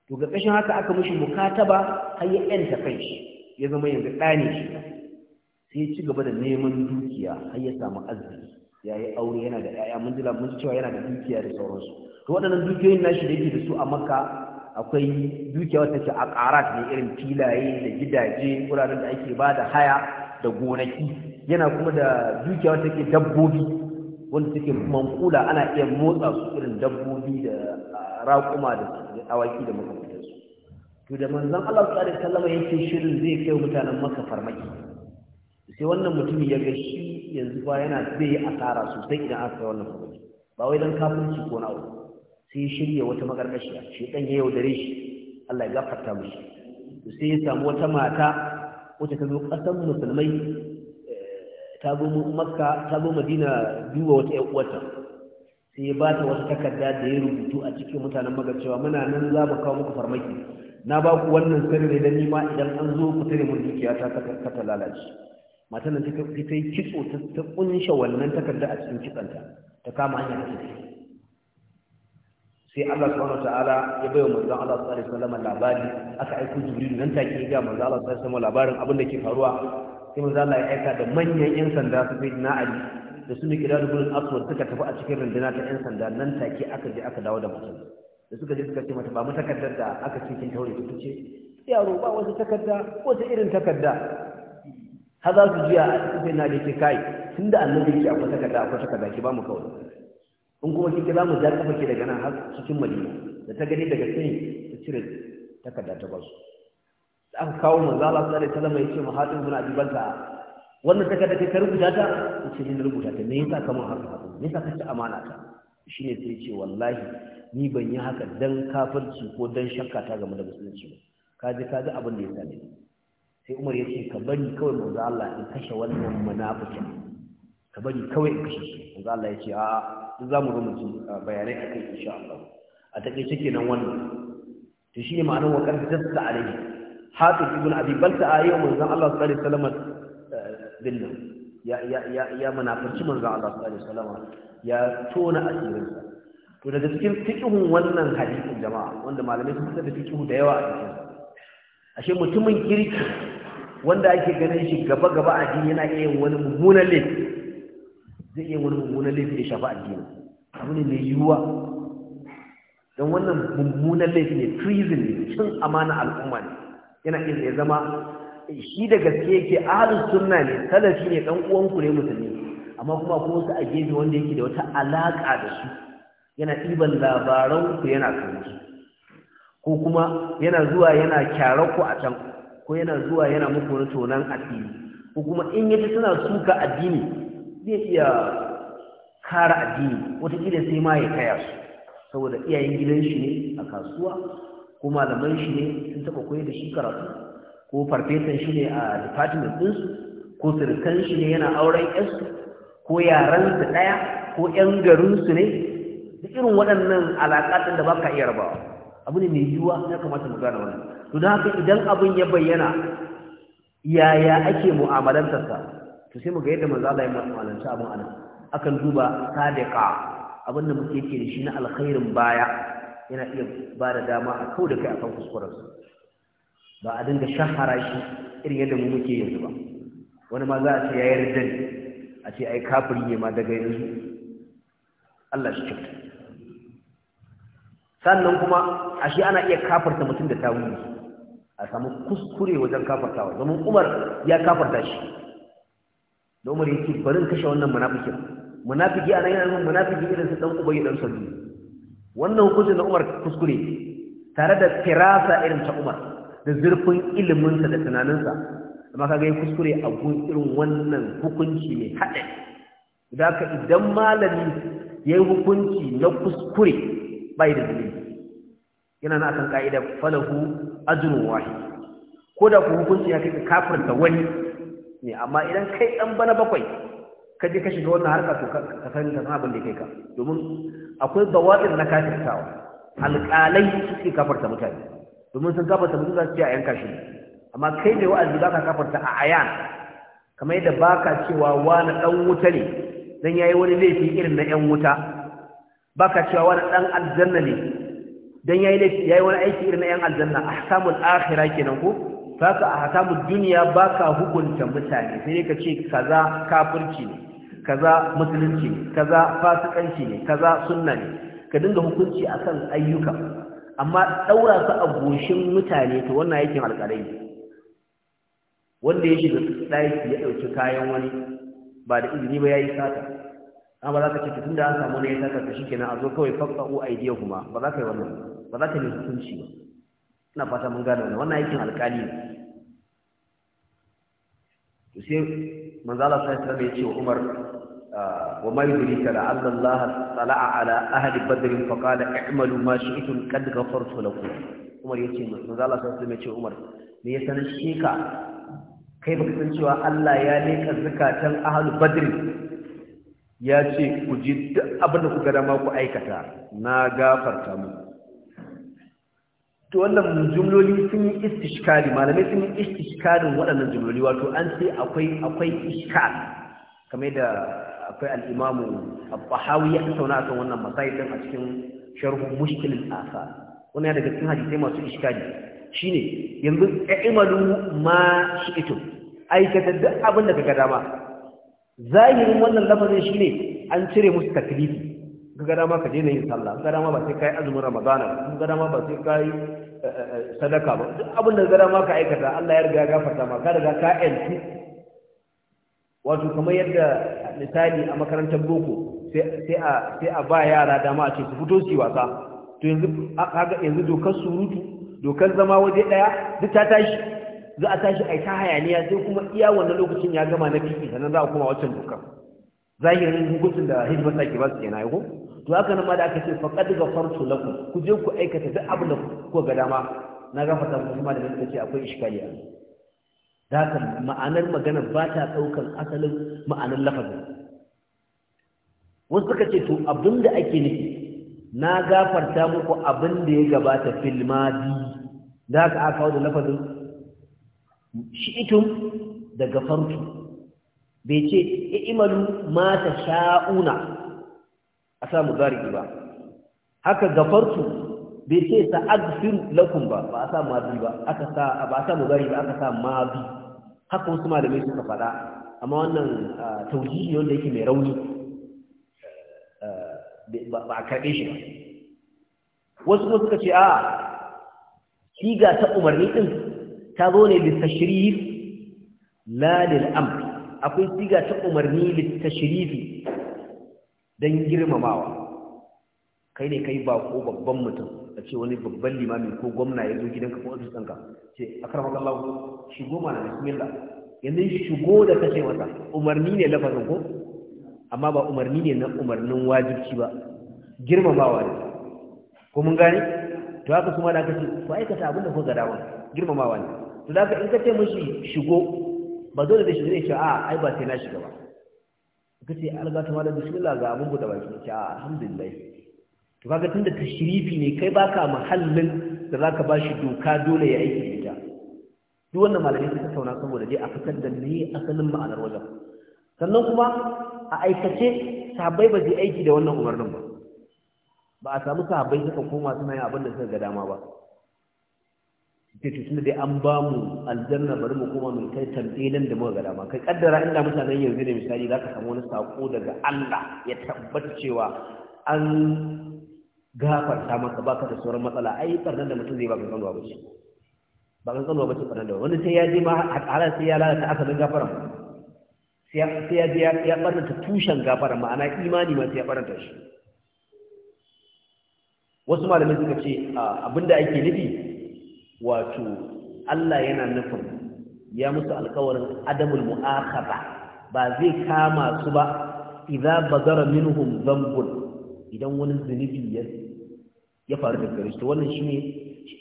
to ga ƙashin haka aka mishi mukataba har ya yanta kai shi ya zama yanzu ɗane shi sai ya ci gaba da neman dukiya har ya samu arziki ya yi aure yana da 'ya'ya mun jira mun cewa yana da dukiya da sauransu to waɗannan dukiyoyin nashi da yake da su a makka akwai dukiya wata ce a ƙarat ne irin filaye da gidaje wuraren da ake bada haya da gonaki yana kuma da dukiya wata ke dabbobi wanda suke mankula ana iya motsa su irin dabbobi da raƙuma da awaki da makamantansu to da manzon Allah sallallahu alaihi wasallam yake shirin zai kai mutanen maka farmaki sai wannan mutumin ya ga shi yanzu ba yana zai yi asara sosai idan aka kai wannan farmaki ba wai dan kafirci ko na aure sai shirya wata magargashiya shi dan ya yaudare shi Allah ya gafarta mishi sai ya samu wata mata wacce ta zo ƙasar musulmai ta zo makka ta zo madina duba wata ƴan uwarta sai ba ta wata takarda da ya rubutu a cikin mutanen maka cewa muna nan za mu kawo muku farmaki na ba ku wannan sirri ne dan nima idan an zo ku tare mun dukiya ta ka ta lalace matan nan ta kai kitso ta kunshe wannan takarda a cikin kitsanta ta kama hanya ta tafi sai Allah subhanahu wataala ya bayyana manzon Allah sallallahu alaihi wasallam labari aka aika Jibril nan take ga manzon Allah sallallahu alaihi wasallam labarin abin da ke faruwa sai manzo Allah ya aika da manyan yan sanda su fi na Ali da su ne kidar gurin aswad suka tafi a cikin rundunar ta yan sanda nan take aka je aka dawo da mutum da suka je suka ce mata ba mu takardar da aka ce kin taure ta ce yaro ba wata takarda ta irin takarda haza su jiya sai na da ke kai tunda annabi ke akwai takarda akwai takarda ki ba mu kawai in kuma kike za mu ja kafa ke daga nan har cikin madina da ta gani daga sai ta cire takarda ta ba su aka kawo manzo Allah sallallahu alaihi wasallam yace muhatin bin abi banta. wannan take da kai rubuta ta yace ni rubuta ta me yasa kamar haka haka me yasa kace amana ta shine sai yace wallahi ni ban yi haka dan kafirci ko dan shakka ta game da musulunci ba kaji kaji abin da ya sa ni sai Umar yace ka bari kawai manzo Allah in kashe wannan munafiki ka bari kawai in kashe shi manzo Allah yace ah, a duk zamu ci bayanai akai insha Allah a take kenan wannan to shine ma'anar wa kan tasta alaihi hafiz ibn abi balta a yau manzon Allah sallallahu alaihi wasallam dinnan eh, ya ya ya ya munafici manzon Allah sallallahu alaihi wasallam ya tona asirin sa to daga cikin fiqhun wannan hadisin jama'a wanda malamai sun da fiqhu da yawa a cikin ashe mutumin kirki wanda ake ganin shi gaba gaba a addini yana iya wani mummunan laifi zai iya wani mummunan laifi da shafa addini abu ne mai yiwuwa don wannan mummunan laifi ne treason ne cin amana al'umma ne yana iya ya zama shi da gaske yake ahalin sunna ne talafi ne ɗan uwanku ku ne musulmi amma kuma ko wasu a gefe wanda yake da wata alaƙa da su yana ɗiban labaran ku yana sauki ko kuma yana zuwa yana kyara ku a can ko yana zuwa yana muku wani tonan addini, ko kuma in yaji suna suka addini zai iya kara addini wataƙila sai ma ya kaya su saboda iyayen gidan shi ne a kasuwa ko malaman shi ne sun taɓa koyi da shi karatu ko farfesan shi ne a department ɗinsu ko sirkan shi ne yana auren yansu ko yaransu ɗaya ko ƴan garinsu ne da irin waɗannan alaƙaɗin da ba ka iya rabawa abu ne mai yiwuwa ya kamata mu gane wannan to don haka idan abin ya bayyana yaya ake mu'amalantarsa to sai mu ga yadda manzo Allah ya mu'amalanta abin anan akan duba sadiqa abin da muke yake da shi na alkhairin baya yana iya ba da dama a kawo da kai akan kuskurarsa ba a dinga shahara shi irin yadda mu muke yanzu ba wani ma za a ce ya yi ne a ce ai kafiri ne ma daga yanzu Allah shi kyauta sannan kuma a shi ana iya kafarta mutum da tawili a samu kuskure wajen kafartawa domin Umar ya kafarta shi da Umar yake barin kashe wannan munafikin munafiki ana yin munafiki irin su dan ubayi dan sabi wannan hukuncin na umar kuskure tare da firasa irin ta umar da zurfin iliminsa da tunaninsa amma kaga ya kuskure a gun irin wannan hukunci mai haɗe idan ka idan malami ya yi hukunci na kuskure bai da zunubi yana na san ka'ida falahu ajrun wahid ko da ku hukunci ya kai kafirta wani ne amma idan kai dan bana bakwai ka je ka shiga wannan harka to ka san ka abin da kai ka domin akwai bawadin na kafirtawa alƙalai suke kafarta mutane domin sun kafarta mutum za su ce a yanka shi amma kai mai wa'azi ba ka kafarta a ayan kamar yadda ba ka cewa wani ɗan wuta ne dan ya yi wani laifi irin na ‘yan wuta ba ka cewa wani ɗan aljanna ne dan ya yi wani aiki irin na ‘yan aljanna a hakamul akhira kenan ko baka a hakamun duniya baka hukunta mutane sai ka ce kaza kafirci ne kaza musulunci ne kaza fasikanci ne kaza sunna ne ka dinga hukunci akan ayyuka amma daura su a goshin mutane to wannan yake alƙalai wanda ya shiga ɗaki ya ɗauki kayan wani ba da izini ba ya yi sata amma za ka ce tun da an samu ne ya sata ka shikenan a zo kawai faƙa'u aidiya kuma ba za ka yi wannan ba za ka yi hukunci ba ina fata mun gane wannan wannan yakin alƙali ne sai manzala sai ta bai ce wa Umar ah, wa ma yudrika la anna Allah sala'a ala ahli badr fa qala i'malu ma shi'tum qad ghafartu lakum Umar yace manzala sai ta bai ce Umar me ya sanar kai baka san cewa Allah ya leka zakatan ahli badr ya ce ku ji duk abin da kuka dama ku aikata na gafarta to wannan jumloli sun yi istishkali malamai sun yi istishkalin waɗannan jumloli wato an sai akwai akwai ishkal kamar da akwai al-imamu al-bahawi ya tattauna kan wannan masail din a cikin sharhu mushkil al-asa wannan daga cikin hadisai masu ishkali shine yanzu i'malu ma shi'tum aikata duk abin da kaga dama zahirin wannan lafazin shine an cire musu taklifi kaga dama ka daina yin sallah ga dama ba sai kai azumin ramadana ga dama ba sai kai sadaka ba duk abin da zara ma ka aikata Allah ya riga ya gafarta ma ka riga ka yanci wato kamar yadda misali a makarantar boko sai a sai a ba yara dama a ce su fito su wasa to yanzu kaga yanzu dokar surutu dokar zama waje daya duk ta tashi za a tashi ai ta hayaniya sai kuma iya wannan lokacin ya gama na fiki sannan za a koma waccan dokar zahirin hukuncin da hidimar ke ba su kenan yi ko to haka nan ma da aka ce faqad ghafartu lakum ku je ku aikata duk abin da ku ga dama na gafarta ku kuma da nan ce akwai iskali a haka ma'anar magana ba ta daukan asalin ma'anar lafazin wasu suka ce to abin da ake nufi na gafarta muku abin da ya gabata fil madi da haka aka kawo da lafazin shi'itum da gafartu bai ce i'malu ma ta sha'una a sa zarigi ba haka gafartu bai ce sa agfir lakum ba ba a sa mazi ba aka sa ba a sa mudari ba aka sa mazi haka wasu malamai suka faɗa amma wannan taujihi wanda yake mai rauni ba a karɓe shi ba wasu kuma suka ce a siga ta umarni din ta zo ne litashrif la lil amr akwai siga ta umarni litashrifi don girmamawa kai ne kai ba ko babban mutum a ce wani babban limami ko gwamna ya zo gidanka ko ofis ɗinka ce a karfa kallahu shigo mana bismillah yanzu shigo da kace masa umarni ne lafazin ko amma ba umarni ne na umarnin wajibci ba girmamawa ne ko mun gane to haka kuma da kace ko aikata abin da ku ga girmamawa ne to da ka in kace mishi shigo ba dole da shi zai ce a ai ba sai na shiga ba kace alga ta malam bismillah ga abun da baki ce alhamdulillah to da ta shirifi ne kai baka mahallin da zaka shi doka dole ya aiki ita duk wannan malamai suka tauna saboda dai a fitar da ni asalin ma'anar wajen sannan kuma a aikace sabai ba zai aiki da wannan umarnin ba ba a samu sahabbai suka koma suna yin abin da suka ga dama ba ce to tunda dai an ba mu aljanna bari mu koma mai kai tambayin da muka ga dama kai kaddara inda mutanen yanzu ne misali zaka samu wani sako daga Allah ya tabbata cewa an gafarta maka baka da sauran matsala ai barnan da mutum zai ba kanwa ba shi ba kan kanwa ba shi barnan da wani sai ya je ma halar sai ya lalata asalin gafara. sai ya je ya barnata tushen gafara, ma'ana imani ma sai ya barnata shi wasu malamai suka ce ah, abinda ake nufi wato Allah yana nufin ya musu alkawarin adamul mu'akhaba ba zai kama su ba idza bazara minhum dhanbun idan wani zunubi ya ya faru da gare su wannan shine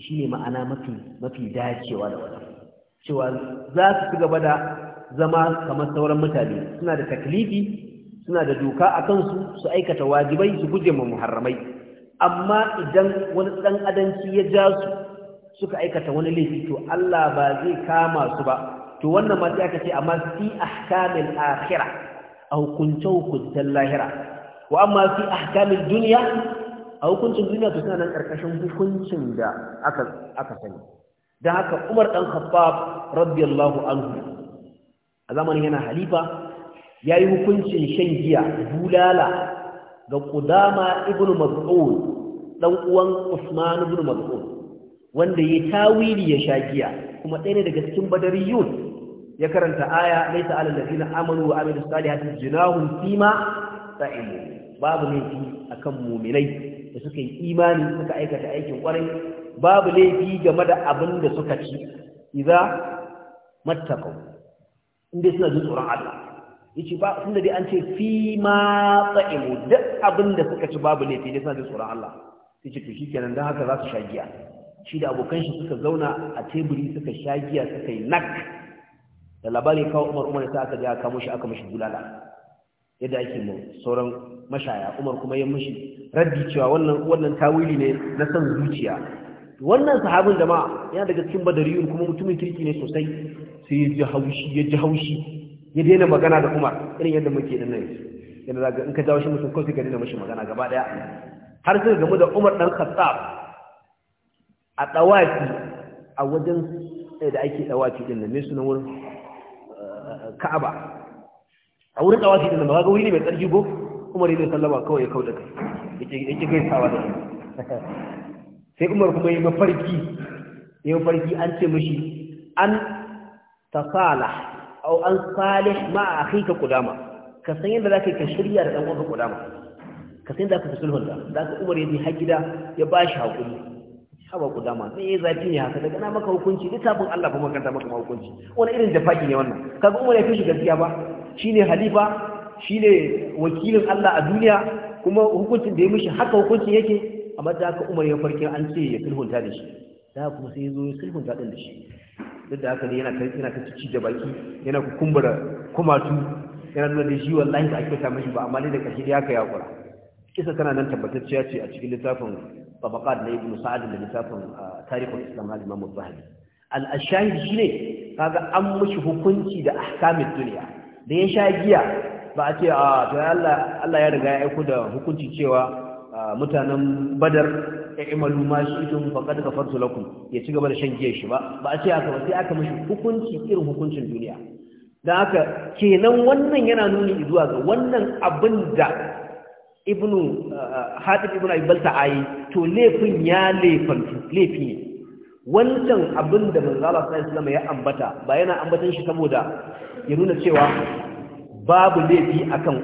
shine ma'ana mafi mafi dacewa da wannan cewa za su ci gaba da zama kamar sauran mutane suna da taklifi suna da doka a kansu su aikata wajibai su guje ma muharramai amma idan wani dan adanci ya ja su suka aikata wani laifi to Allah ba zai kama su ba to wannan ma sai aka ce amma fi ahkamil akhirah a hukunce hukuncen lahira wa amma fi ahkamil dunya a hukuncin duniya to suna nan karkashin hukuncin da aka aka sani dan haka Umar dan Khattab radiyallahu anhu a zamanin yana halifa yayi hukuncin shan giya bulala ga Qudama ibn Mas'ud dan uwan Usman ibn Mas'ud wanda ya tawili ya shagiya kuma ɗaya ne daga cikin badariyun ya karanta aya laisa alal ladina amanu wa amilus salihati jinahum fima sa'imu babu laifi akan mu'minai da suka yi imani suka aikata aikin kwarai babu laifi game da abin da suka ci idza mattaqu inda suna jin tsoron Allah yace ba tunda dai an ce fima sa'imu duk abin da suka ci babu laifi ne suna jin tsoron Allah yace to shikenan dan haka za su shagiya shi da abokan shi suka zauna a teburi suka sha giya suka yi nak da labari kawo umar umar sa aka ga aka kamo shi aka mushi bulala yadda ake mu sauran mashaya umar kuma ya mushi. Rabbi cewa wannan wannan tawili ne na san zuciya wannan sahabin ma yana daga cikin badariyun kuma mutumin kirki ne sosai sai ya ji haushi ya ji haushi ya daina magana da umar irin yadda muke da nan yana daga in ka jawo shi mutum kawai sai ka daina mashi magana gaba daya har sai gamu da umar dan khattab a ɗawafi a wajen da ake ɗawafi ɗin da mai na wurin ka'aba a wurin ɗawafi ɗin da ba ga wuri ne mai tsarki ko umar yi sallama kawai ya kauda kai yake gaisawa da sai umar kuma yi mafarki yi mafarki an ce mashi an tasala au an salih ma a akika kudama ka san yadda za ka yi ka shirya da ɗan uwanka kudama ka san yadda za ka fi sulhunta za ka umar ya je har gida ya ba shi haƙuri aba kudama sai ya zafi ne haka daga na maka hukunci littafin Allah ba makanta maka hukunci wani irin da faki ne wannan kaga Umar ya fi shi gaskiya ba shine halifa shine wakilin Allah a duniya kuma hukuncin da ya mishi haka hukunci yake amma da haka Umar ya farkin an ce ya sulhunta da shi da kuma sai ya zo ya sulhunta din da shi duk da haka ne yana ta yana kai ci da baki yana kumbura kumatu yana nuna da shi wallahi da ake ta mishi ba amma ne da kashi da haka ya kura kisa tana nan tabbatacciya ce a cikin littafin طبقات لابن سعد اللي لتافن تاريخ الإسلام هذا الإمام الظهري الشاهد شنو kaga an mishi hukunci da ahkamin duniya da ya sha giya ba a ce a to Allah Allah ya riga ya aiko da hukunci cewa mutanen Badar i'malu ma shi'tum faqad ghafartu lakum ya ci gaba da shan giyar shi ba ba a ce aka ba sai aka mushi hukunci irin hukuncin duniya dan aka kenan wannan yana nuni zuwa ga wannan abin da ibnu eh, hatib ibnu abi ayi to laifin ya laifantu laifi ne wancan abin da manzo Allah sallallahu alaihi wasallam ya ambata ba yana ambatan shi saboda ya nuna cewa babu laifi akan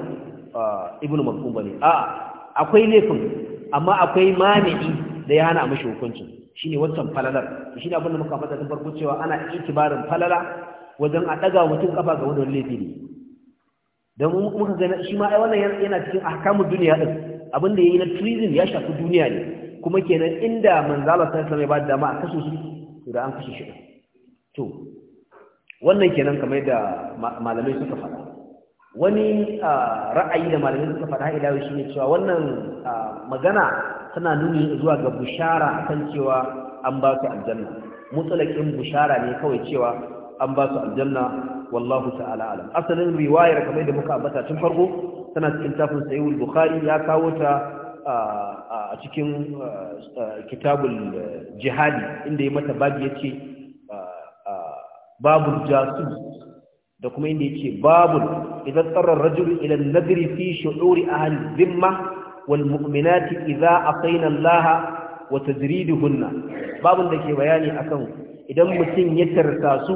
eh, ibnu makum bane a akwai laifin amma akwai mani'i da ya hana mishi hukuncin shine wancan falalar shine abin da muka fata farko cewa ana itibarin falala wajen a daga mutum kafa ga wani laifi ne don muka gani shi ma wannan yana cikin ahkamu duniya din abin da yi na treason ya shafi duniya ne kuma kenan inda manzala ta alaihi ba da dama a kashe su, to da an kashe shi to wannan kenan kamar da malamai suka faɗa wani ra'ayi da malamai suka faɗa ila yau ne cewa wannan magana tana nuni zuwa ga bushara kan cewa an ba su aljanna mutsalakin bushara ne kawai cewa an ba su aljanna wallahu ta'ala alam asalin riwayar kamar da muka ambata tun farko tana cikin tafin sahihul bukhari ya kawo ta a cikin kitabul eh, jihadi inda ya mata babu yace babul jasus da kuma inda yace babul idan tsarrar rajul ila nadri fi shu'uri ahli dhimma wal mu'minati idza aqina Allah wa tajriduhunna Babul da ke bayani akan idan mutum ya tarsa su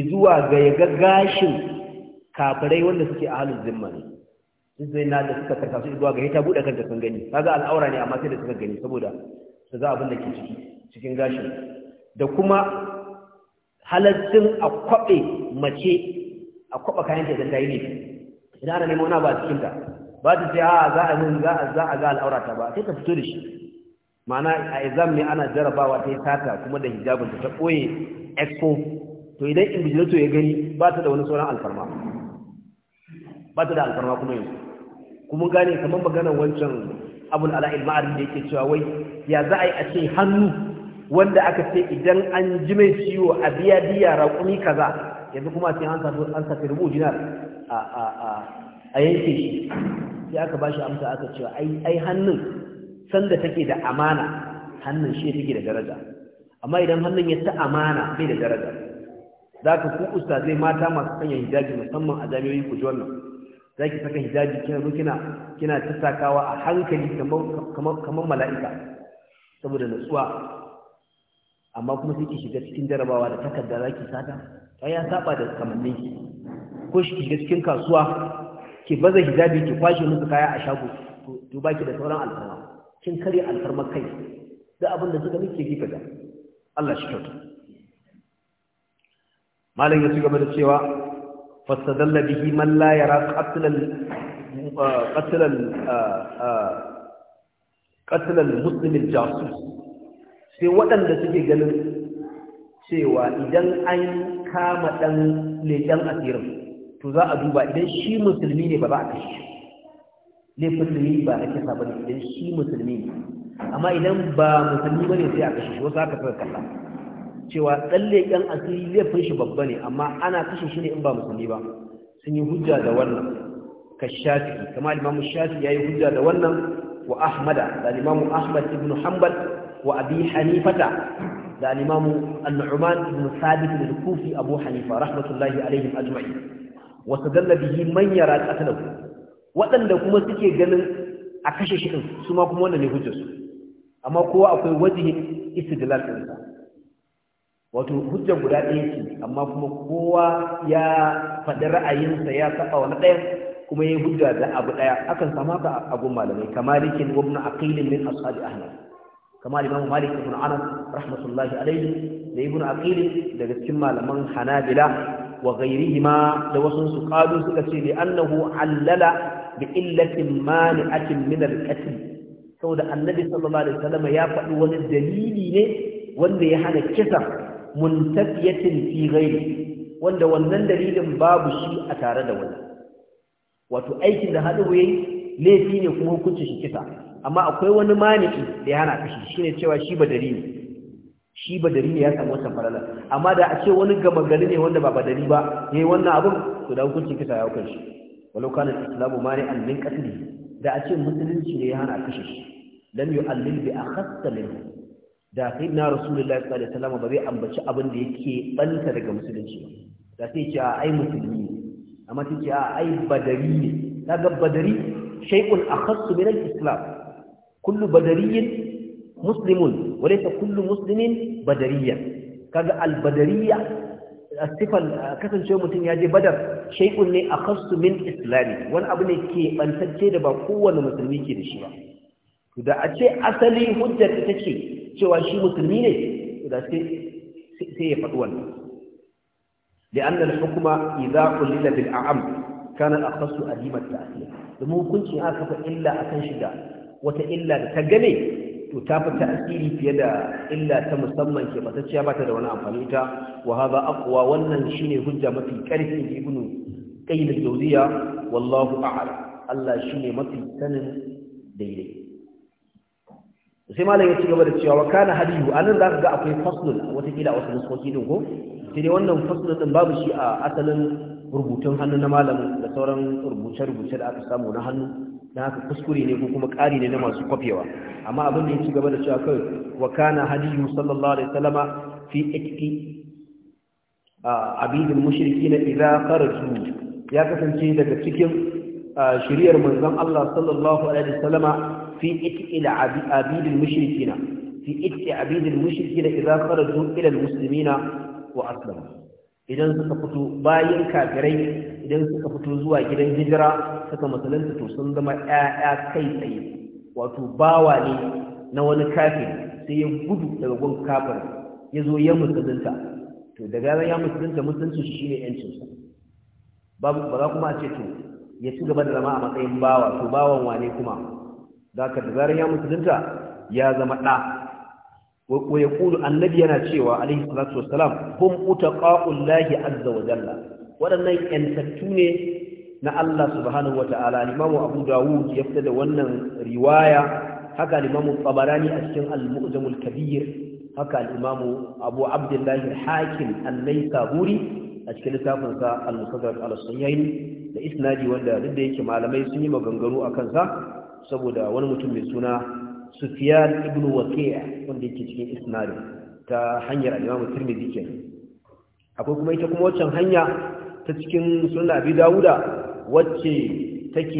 izuwa ga ya gashin kafirai wanda suke a halin zimma ne sun sai na da suka karka su izuwa ga ya ta buɗe kanta sun gani ga al'aura ne amma sai da suka gani saboda su za abin da ke ciki cikin gashin da kuma halattun a kwaɓe mace a kwaɓa kayan ta idan ta yi ne idan ana neman wani ba a ta ba ta ce a za a yi za a ga al'aurata ba sai ta fito da shi ma'ana a exam ne ana jarabawa ta yi sata kuma da hijabin ta ɓoye expo to idan in to ya gani ba ta da wani sauran alfarma ba ta da alfarma kuma yanzu kuma gane kamar maganar wancan abul ala'il ma'arin da yake cewa wai ya za a yi a ce hannu wanda aka ce idan an ji mai ciwo a biya biya raƙumi kaza yanzu kuma sai an sato an sato rubu dinar a a a a yanke shi sai aka bashi amsa aka cewa ai ai hannun sanda take da amana hannun shi take da daraja amma idan hannun ya ta amana bai da daraja za ka ku ustazai mata masu sanya hijabi musamman a jami'o'i ku ji wannan za ki saka hijabi kina zo kina kina tattakawa a hankali kamar mala'ika saboda nutsuwa? amma kuma sai ki shiga cikin jarabawa da takarda za ki sata ta ya saba da kamannin ko shi shiga cikin kasuwa ki baza hijabi ki kwashe musu kaya a shago to ki da sauran alfarma kin kare alfarmar kai da abin da suka miki ki kaza Allah shi kyauta malam ya ci gaba da cewa fasadalla bihi man la yara qatlal uh, qatlal uh, uh, qatlal muslim jasus sai waɗanda suke ganin cewa idan an kama dan leƙen asirin to za a duba idan shi musulmi ne ba za a kashe laifin musulmi ba na kisa ba idan shi musulmi ne amma idan ba musulmi ba ne sai a kashe shi wasu haka kasa. cewa tsalle yan asiri laifin shi babba ne amma ana kashe shi ne in ba musulmi ba sun yi hujja da wannan ka shafi kama limamu shafi ya yi hujja da wannan wa ahmada da limamu ahmad ibn hanbal wa abi hanifata da limamu annu'man ibn sabit al-kufi abu hanifa rahmatullahi alaihim ajma'in wa sadalla bihi man yara qatalahu waɗanda kuma suke ganin a kashe shi din su ma kuma wannan ne hujjarsu amma kowa akwai wajihin istidlal ɗinsa wato hujjar guda ɗaya ce amma kuma kowa ya faɗi ra'ayinsa ya saba wani ɗaya kuma ya hujja da abu ɗaya akan samu ka abu gun malamai kamalikin wa ibn aqilin min ashabi ahmad kamar imam malik ibn anas rahmatullahi alaihi da ibn aqil daga cikin malaman hanabila wa ghairihima da wasu su qalu suka ce li annahu allala bi illatin mani'atin min al-qatl saboda annabi sallallahu alaihi wasallam ya faɗi wani dalili ne wanda ya hana kisa muntafiyatin fi ghairi wanda wannan dalilin babu shi a tare da wani wato aikin da haɗu yayi laifi ne kuma hukunci shi kisa amma akwai wani maniki da ya hana kashi shine cewa shi badari ne shi badari ne ya samu wannan farala amma da a ce wani gama gari ne wanda ba badari ba yayi wannan abun to da hukunci kisa ya hukunci shi walau kana islamu mani'an min qatli da a ce musulunci ne ya hana kashi lam yu'allil bi akhassa minhu da sai na rasulullahi sallallahu alaihi wasallam ba zai ambaci abin da yake banta daga musulunci ba da sai ce a ai musulmi ne amma sai ce a ai badari ne kaga badari shay'un akhassu min al-islam kullu badariyin muslimun wa laysa kullu muslimin badariyan kaga al-badariyya asifan kasancewa mutum ya je badar shay'un ne akhassu min Islam. wani abu ne ke bantacce da ba kowane musulmi ke da shi ba da a ce asali hujjar ta ce cewa shi musulmi ne da sai ya faɗi wannan لأن الحكم إذا قلل بالأعم كان الأخص أديم التأثير domin hukuncin aka kafa illa a kan shiga wata illa da ta gane to ta fi ta'asiri fiye da illa ta musamman ke matacciya ba ta da wani amfani ta wa haza aqwa wannan shine hujja mafi karfi ne, ibnu qayyim al-jawziya wallahu a'lam Allah shine mafi sanin daidai sai malam ya ci gaba da cewa wa kana hadiyu anan zaka ga akwai faslun wata kila wasu nuskoki din ko sai dai wannan faslun din babu shi a asalin rubutun hannu na malam da sauran rubuce-rubuce da aka samu na hannu na haka kuskure ne ko kuma ƙari ne na masu kwafewa amma abin da ya ci gaba da cewa kai wa kana hadiyu sallallahu alaihi wasallama fi ikki abidul na idza kharaju ya kasance daga cikin shiriyar manzon Allah sallallahu alaihi wasallama في إتئ عبيد المشركين في إتئ عبيد المشركين إذا خرجوا إلى المسلمين وأسلموا إذن سكفتوا باين كافرين إذن سكفتوا زوا جدا هجرة سكما سلنتوا سندما آآ كي سيد وتباواني نوان كافر سيبدو لغون كافر يزو يمسلنتا to daga ran ya musulunta musulunci shi ne yancinsa ba za kuma a ce to ya ci gaba da zama a matsayin bawa to bawan wane kuma da ka da zarar ya musulunta ya zama ɗa wa ya kulu annabi yana cewa alaihi salatu wassalam hum utaqa'ul lahi azza wa jalla waɗannan yantattu ne na Allah subhanahu wata'ala Imam Abu Dawud ya fita da wannan riwaya haka Imam Tabarani a cikin Al-Mu'jam al-Kabir haka Imam Abu Abdullah al-Hakim al-Naisaburi a cikin littafin sa Al-Mustadrak al-Sunayni da isnadi wanda duk da yake malamai sun yi maganganu akan sa saboda wani mutum mai suna Sufiyar ibn Waqi'a wanda yake cikin isnad ta hanyar Imam Tirmidhi kenan akwai kuma ita kuma waccan hanya ta cikin Sunan Abi Dawuda wacce take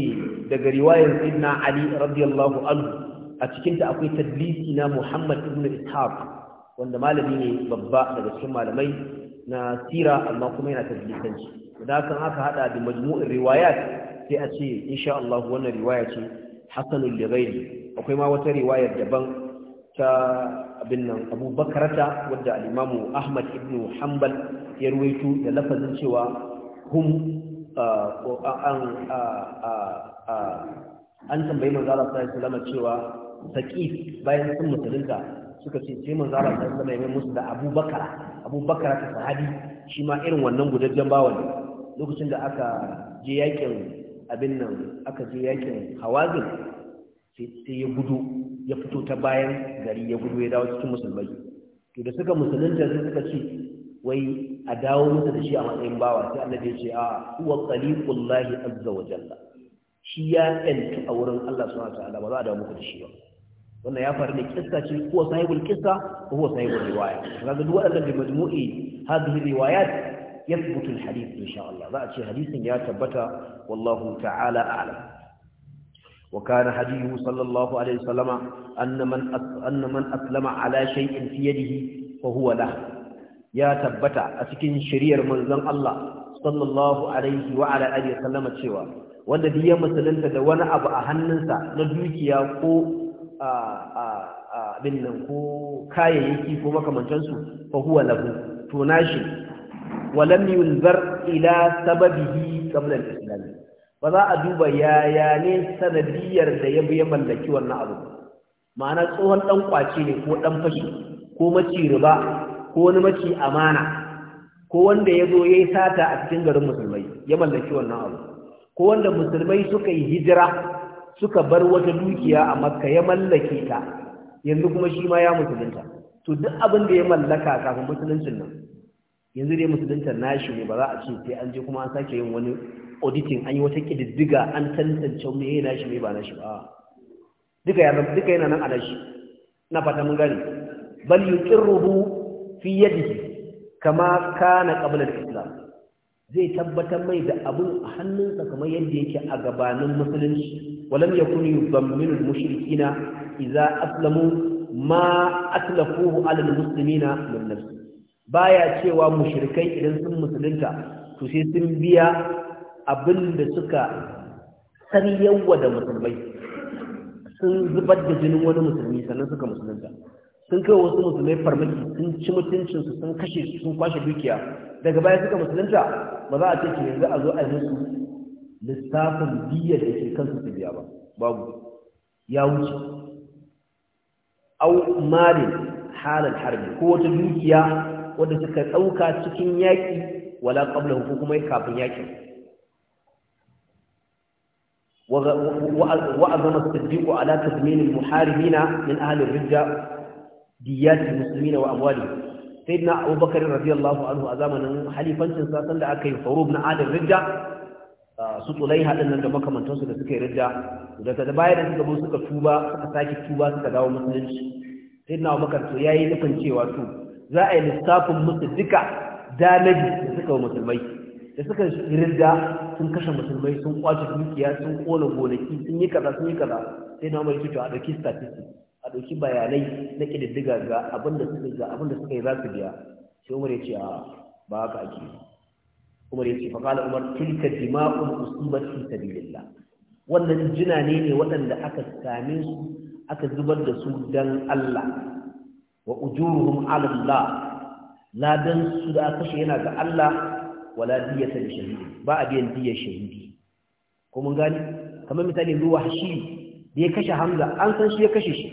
daga riwayar Sayyidina Ali radiyallahu anhu a cikin ta akwai tadlisi na Muhammad ibn Ishaq wanda malami ne babba daga cikin malamai na sira amma kuma yana tadlisanci da aka haka hada da majmu'in riwayat sai a ce insha Allah wannan riwaya ce hasanun lighairi akwai ma wata riwayar daban ta abin nan Abu Bakrata wadda alimamu Ahmad ibn Hanbal ya ruwaito da lafazin cewa hum an tambayi manzo Allah sallallahu alaihi cewa saqif bayan sun musulunta suka ce sai manzo Allah sallallahu alaihi wasallam musu da Abu Bakar Abu ta sahabi shi ma irin wannan gudajjen bawan lokacin da aka je yakin abin nan aka je yakin hawazin sai ya gudu ya fito ta bayan gari ya gudu ya dawo cikin musulmai to da suka musulunta sai suka ce wai a dawo musu da shi a matsayin bawa sai annabi ya ce a huwa qaliqullahi azza wa jalla shi ya yantu a wurin Allah subhanahu wa ta'ala ba za a dawo muku da shi ba wannan ya faru ne kissa ce ko sahibul kissa ko huwa sahibul riwaya kaga duk waɗannan bi majmu'i hadhihi riwayat yathbutu al hadith insha Allah za a ce hadisin ya tabbata والله تعالى أعلم وكان هديه صلى الله عليه وسلم أن من أن من أسلم على شيء في يده فهو له يا تبتا أتكن الله صلى الله عليه وعلى وسلم wanda duk ya musulunta da wani abu a hannunsa na dukiya ko nan ko kayayyaki ko makamantansu fa huwa lahu to nashi walam yunzar ila sababihi qabla al-islam ba za a duba yaya ne sanadiyar da ya ya mallaki wannan abu ma'ana tsohon ɗan kwace ne ko ɗan fashi ko maci riba ko wani maci amana ko wanda ya zo ya yi sata a cikin garin musulmai ya mallaki wannan abu ko wanda musulmai suka yi hijira suka bar wata dukiya a makka ya mallake ta yanzu kuma shi ma ya musulunta to duk abin da ya mallaka kafin musuluncin nan yanzu dai musuluntar nashi ne ba za a ce sai an je kuma an sake yin wani auditing an yi wata ƙididdiga an tantance me yana shi me ba na shi ba duka yana nan a nashi na fata mun gani bal yuqirruhu fi yadihi kama kana qabla al-islam zai tabbatar mai da abun a hannunsa kamar yadda yake a gabanin musulunci walam yakun yubammin al-mushrikina idza aslamu ma aslafuhu ala al-muslimina min nafsi baya cewa mushrikai idan sun musulunta to sai sun biya abin da suka yawa da musulmai sun zubar da jinin wani musulmi sannan suka musulunta sun kai wasu musulmai farmaki sun ci mutuncinsu sun kashe sun kwashe dukiya daga baya suka musulunta ba za a ce yanzu a zo a yi lissafin biyar da ke kansu su biya ba babu ya wuce au malin halal harbi ko wata dukiya wadda suka ɗauka cikin yaƙi wala ƙabla hukumai kafin yaƙin وأظم الصديق على تضمين المحاربين من أهل الرجة ديات المسلمين وأموالهم سيدنا أبو بكر رضي الله عنه أزامنا حليفا سنساسا لأكي حروب من أهل الرجة سطو ليها لأن جمعك من توسك سكي رجة وإذا تتباين أنت قبل سكة توبة سكة ساكي توبة سكة داو مسلمش سيدنا أبو بكر سيائي نفن شيء واتو za a yi lissafin musu duka dalaji da suka wa musulmai da suka rinda sun kashe musulmai sun kwace dukiya sun kona gonaki sun yi kaza sun yi kaza sai na mai cuta a ɗauki statistics a ɗauki bayanai na ƙididdiga ga abin da suka ga abin da suka yi za su biya sai umar ya ce a ba haka ake umar ya ce fa kala umar tilka dima'ul usibat fi sabilillah wannan jina ne ne waɗanda aka same su aka zubar da su dan Allah wa ujuruhum ala Allah ladan su da aka kashe yana ga Allah wala diyata li shahidi ba a biyan diyar shahidi ko mun gani kamar misali ruwa shi da ya kashe hamza an san shi ya kashe shi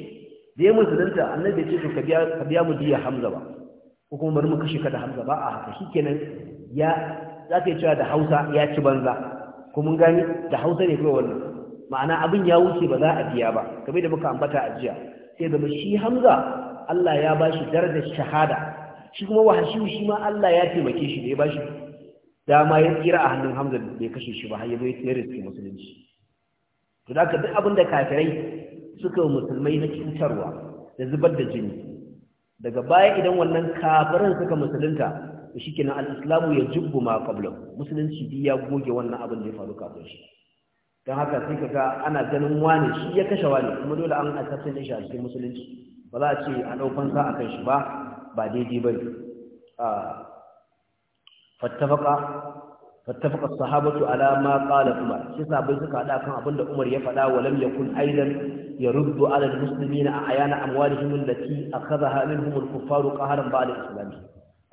da ya musulunta annabi ya ce to ka biya mu diyar hamza ba ko kuma bari mu kashe ka da hamza ba a haka shikenan ya za ka yi cewa da hausa ya ci banza ko mun gani da hausa ne kawai wannan ma'ana abin ya wuce ba za a biya ba kamar da muka ambata a jiya sai zama shi hamza Allah ya ba shi darajar shahada shi kuma wahashiyu shi ma Allah ya taimake shi da ya ba shi dama ya tsira a hannun hamza bai kashe shi ba har ya zo ya riski musulunci to da duk abin da kafirai suka yi musulmai na cutarwa da zubar da jini daga baya idan wannan kafirin suka musulunta to shi kenan al'islamu ya jubbu ma qabla musulunci bi ya goge wannan abin da ya faru kafin shi don haka sai ga ana ganin wani shi ya kashe wani kuma dole an asabta shi a cikin musulunci ba za a ce a ɗaukan sa a kan shi ba ba daidai ba ne ah, fattafaqa fattafaqa sahabatu ala ma qala umar shi sabai suka hada kan abin da umar ya faɗa wa lam yakun aidan yaruddu ala almuslimina ayana amwalihim allati akhadhaha minhum alkuffaru qaharan ba'da islamih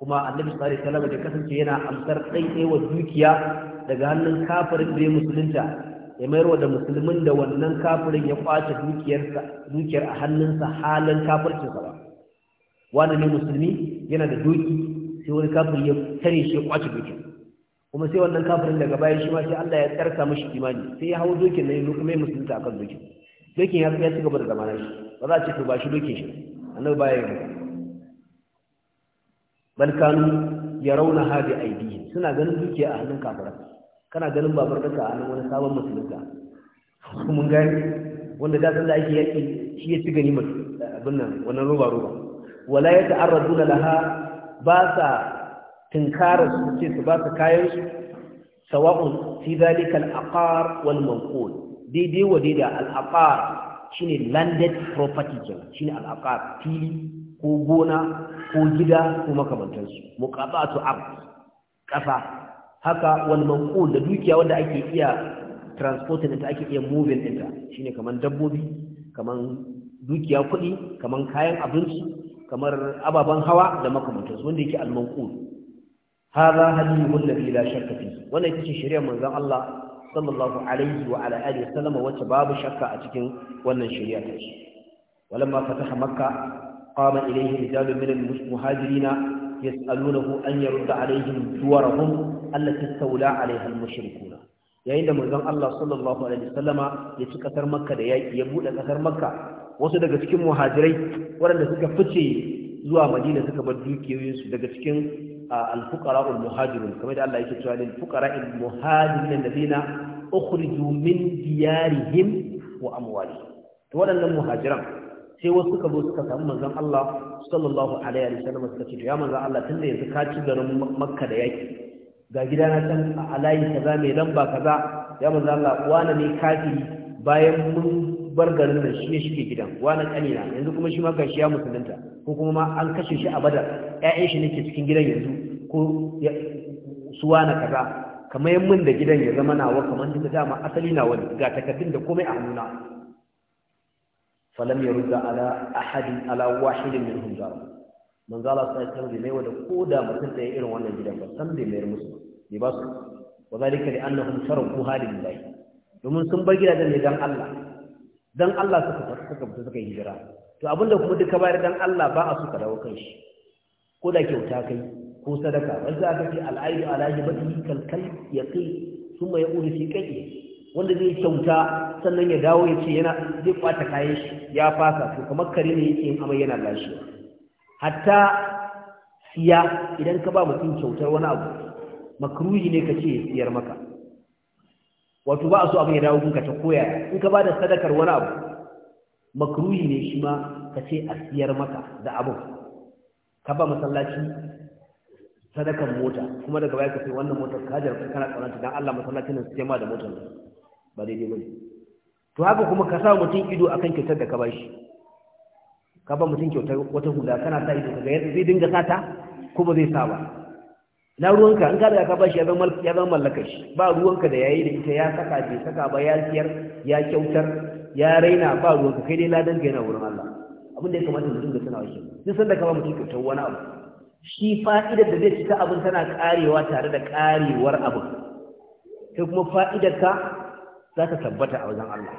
kuma annabi sallallahu alaihi wasallam da kasance yana amsar daidai wa dukiya daga hannun kafirin da ya musulunta ya mayar wa da musulmin da wannan kafirin ya kwace dukiyar a hannunsa halin kafircinsa ba wani ne musulmi yana da doki sai wani kafiri ya tare shi ya kwace dokin kuma sai wannan kafirin daga baya shi ma sai Allah ya tsarka mishi imani sai ya hawo dokin nan yanzu kuma ya musulunta akan dokin dokin ya ci gaba da zamanar shi ba za a ce to ba shi dokin shi annabi baya yi bal kanu yarawna hadi aidi suna ganin dukiya a hannun kafirai kana ganin babar daka a hannun wani sabon musulunta mun gani wanda da san da ake yaki shi ya ci mutum eh, abin nan wannan roba roba wala ya ta'arradu laha ba sa tinkara su ce su ba su kayan su sawa'un fi zalika al-aqar wal manqul daidai wa da al-aqar shine landed property ke shine al-aqar fili ko gona ko gida ko su muqabatu ard kafa haka wal manqul da dukiya wanda ake iya transporting ta ake iya moving ɗinta shine kaman dabbobi kaman dukiya kuɗi kaman kayan abinci kamar ababen hawa da makamantansu wanda yake al-manqul hadha hadithu alladhi la shakka fihi wannan ita ce shari'ar manzon Allah sallallahu alaihi wa ala alihi wasallam wacce babu shakka a cikin wannan shari'a ta shi walamma fataha makka qama ilayhi rijalun min al-muhajirin yas'alunahu an yurda alaihim duwarahum allati tawla alaiha al-mushrikuna yayin da manzon Allah sallallahu alaihi wasallama ya ci kasar makka da yaki ya bude kasar makka wasu daga cikin muhajirai waɗanda suka fice zuwa madina suka bar dukiyoyinsu daga cikin alfukara ulmuhajirun kamar da Allah yake cewa lil fuqara almuhajirin alladhina ukhriju min diyarihim wa amwalihim to waɗannan muhajiran sai wasu suka zo suka samu manzon Allah sallallahu alaihi wa sallam suka ce ya manzon Allah tunda yanzu ka ci garin Makka da yaki ga gidana can a alayi kaza mai lamba kaza ya manzon Allah wani ne kafiri bayan mun bar garin nan shi ne shi ke gidan wani kanina yanzu kuma shi ma gashi ya musulunta ko kuma ma an kashe shi a badar ƴaƴan shi nake cikin gidan yanzu ko suwa na kaza kamar yan min da gidan ya zama nawa kamar da dama asali nawa ne ga takardun da komai a hannuna falam yarudda ala ahadin ala wahidin minhum zalama manzo Allah sai ya mai wa da koda mutum da ya irin wannan gidan ba san bai mayar musu bai ba su wa zalika li annahum sharaku halin lahi domin sun bar gidajen ne dan Allah dan Allah suka suka suka yi hijira to abinda kuma duka bayar dan Allah ba a suka dawo kai shi ko da kyauta kai ko sadaka za ka ce al'aidu ala jibati kalkal yaqi thumma yaqulu shi kai wanda zai kyauta sannan ya dawo ya ce yana zai kwata kayan shi ya fasa to kamar kare ne yake yin amai yana lashe hatta siya idan ka ba mutum kyautar wani abu makruhi ne ka ce siyar maka wato ba a so abin ya dawo ka ta koya in ka bada sadakar wani abu makruhi ne shi ma ka ce a siyar maka da abu ka ba masallaci sadakar mota kuma daga baya ka ce wannan motar ka jarfa kana tsananta dan Allah masallacin nan sai ma da motar ba daidai bane to haka kuma ka sa mutum ido akan kyautar da ka bashi ka ba mutum kyautar wata hula kana sa ido kaga zai dinga sata ko ba zai sa ba na ruwanka an kada ka bashi ya zama mallakar shi ba ruwanka da yayi da ita ya saka bai saka ba ya siyar ya kyautar ya raina ba ruwanka kai dai ladan ga yana wurin Allah abin da ya kamata mutum da tunawa shi san da ka ba mutum kyautar wani abu shi fa'idar da zai cika abin tana karewa tare da karewar abin sai kuma fa'idar ka za ta tabbata a wajen Allah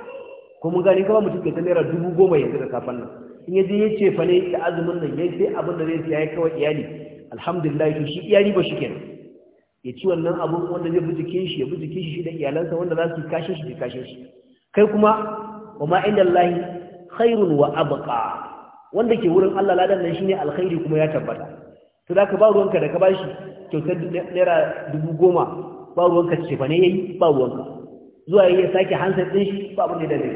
ko mun gani ka ba mutum kyautar naira dubu goma yanzu da kafan nan in ya je ya ce fa ne da azumin nan ya sai abin da zai siya ya kawai iyali alhamdulillah shi iya riba shi kenan ya ci wannan abun wanda zai bi jikin shi ya bi jikin shi da iyalansa wanda za su kashe shi da kashe shi kai kuma wa ma inda Allah khairun wa abqa wanda ke wurin Allah ladan nan shine alkhairi kuma ya tabbata to zaka ba ruwanka da ka ba bashi kyautar naira dubu goma ba ruwanka ce fa ne yayi ba ruwanka zuwa yayi ya sake hansa din shi ba abin da dare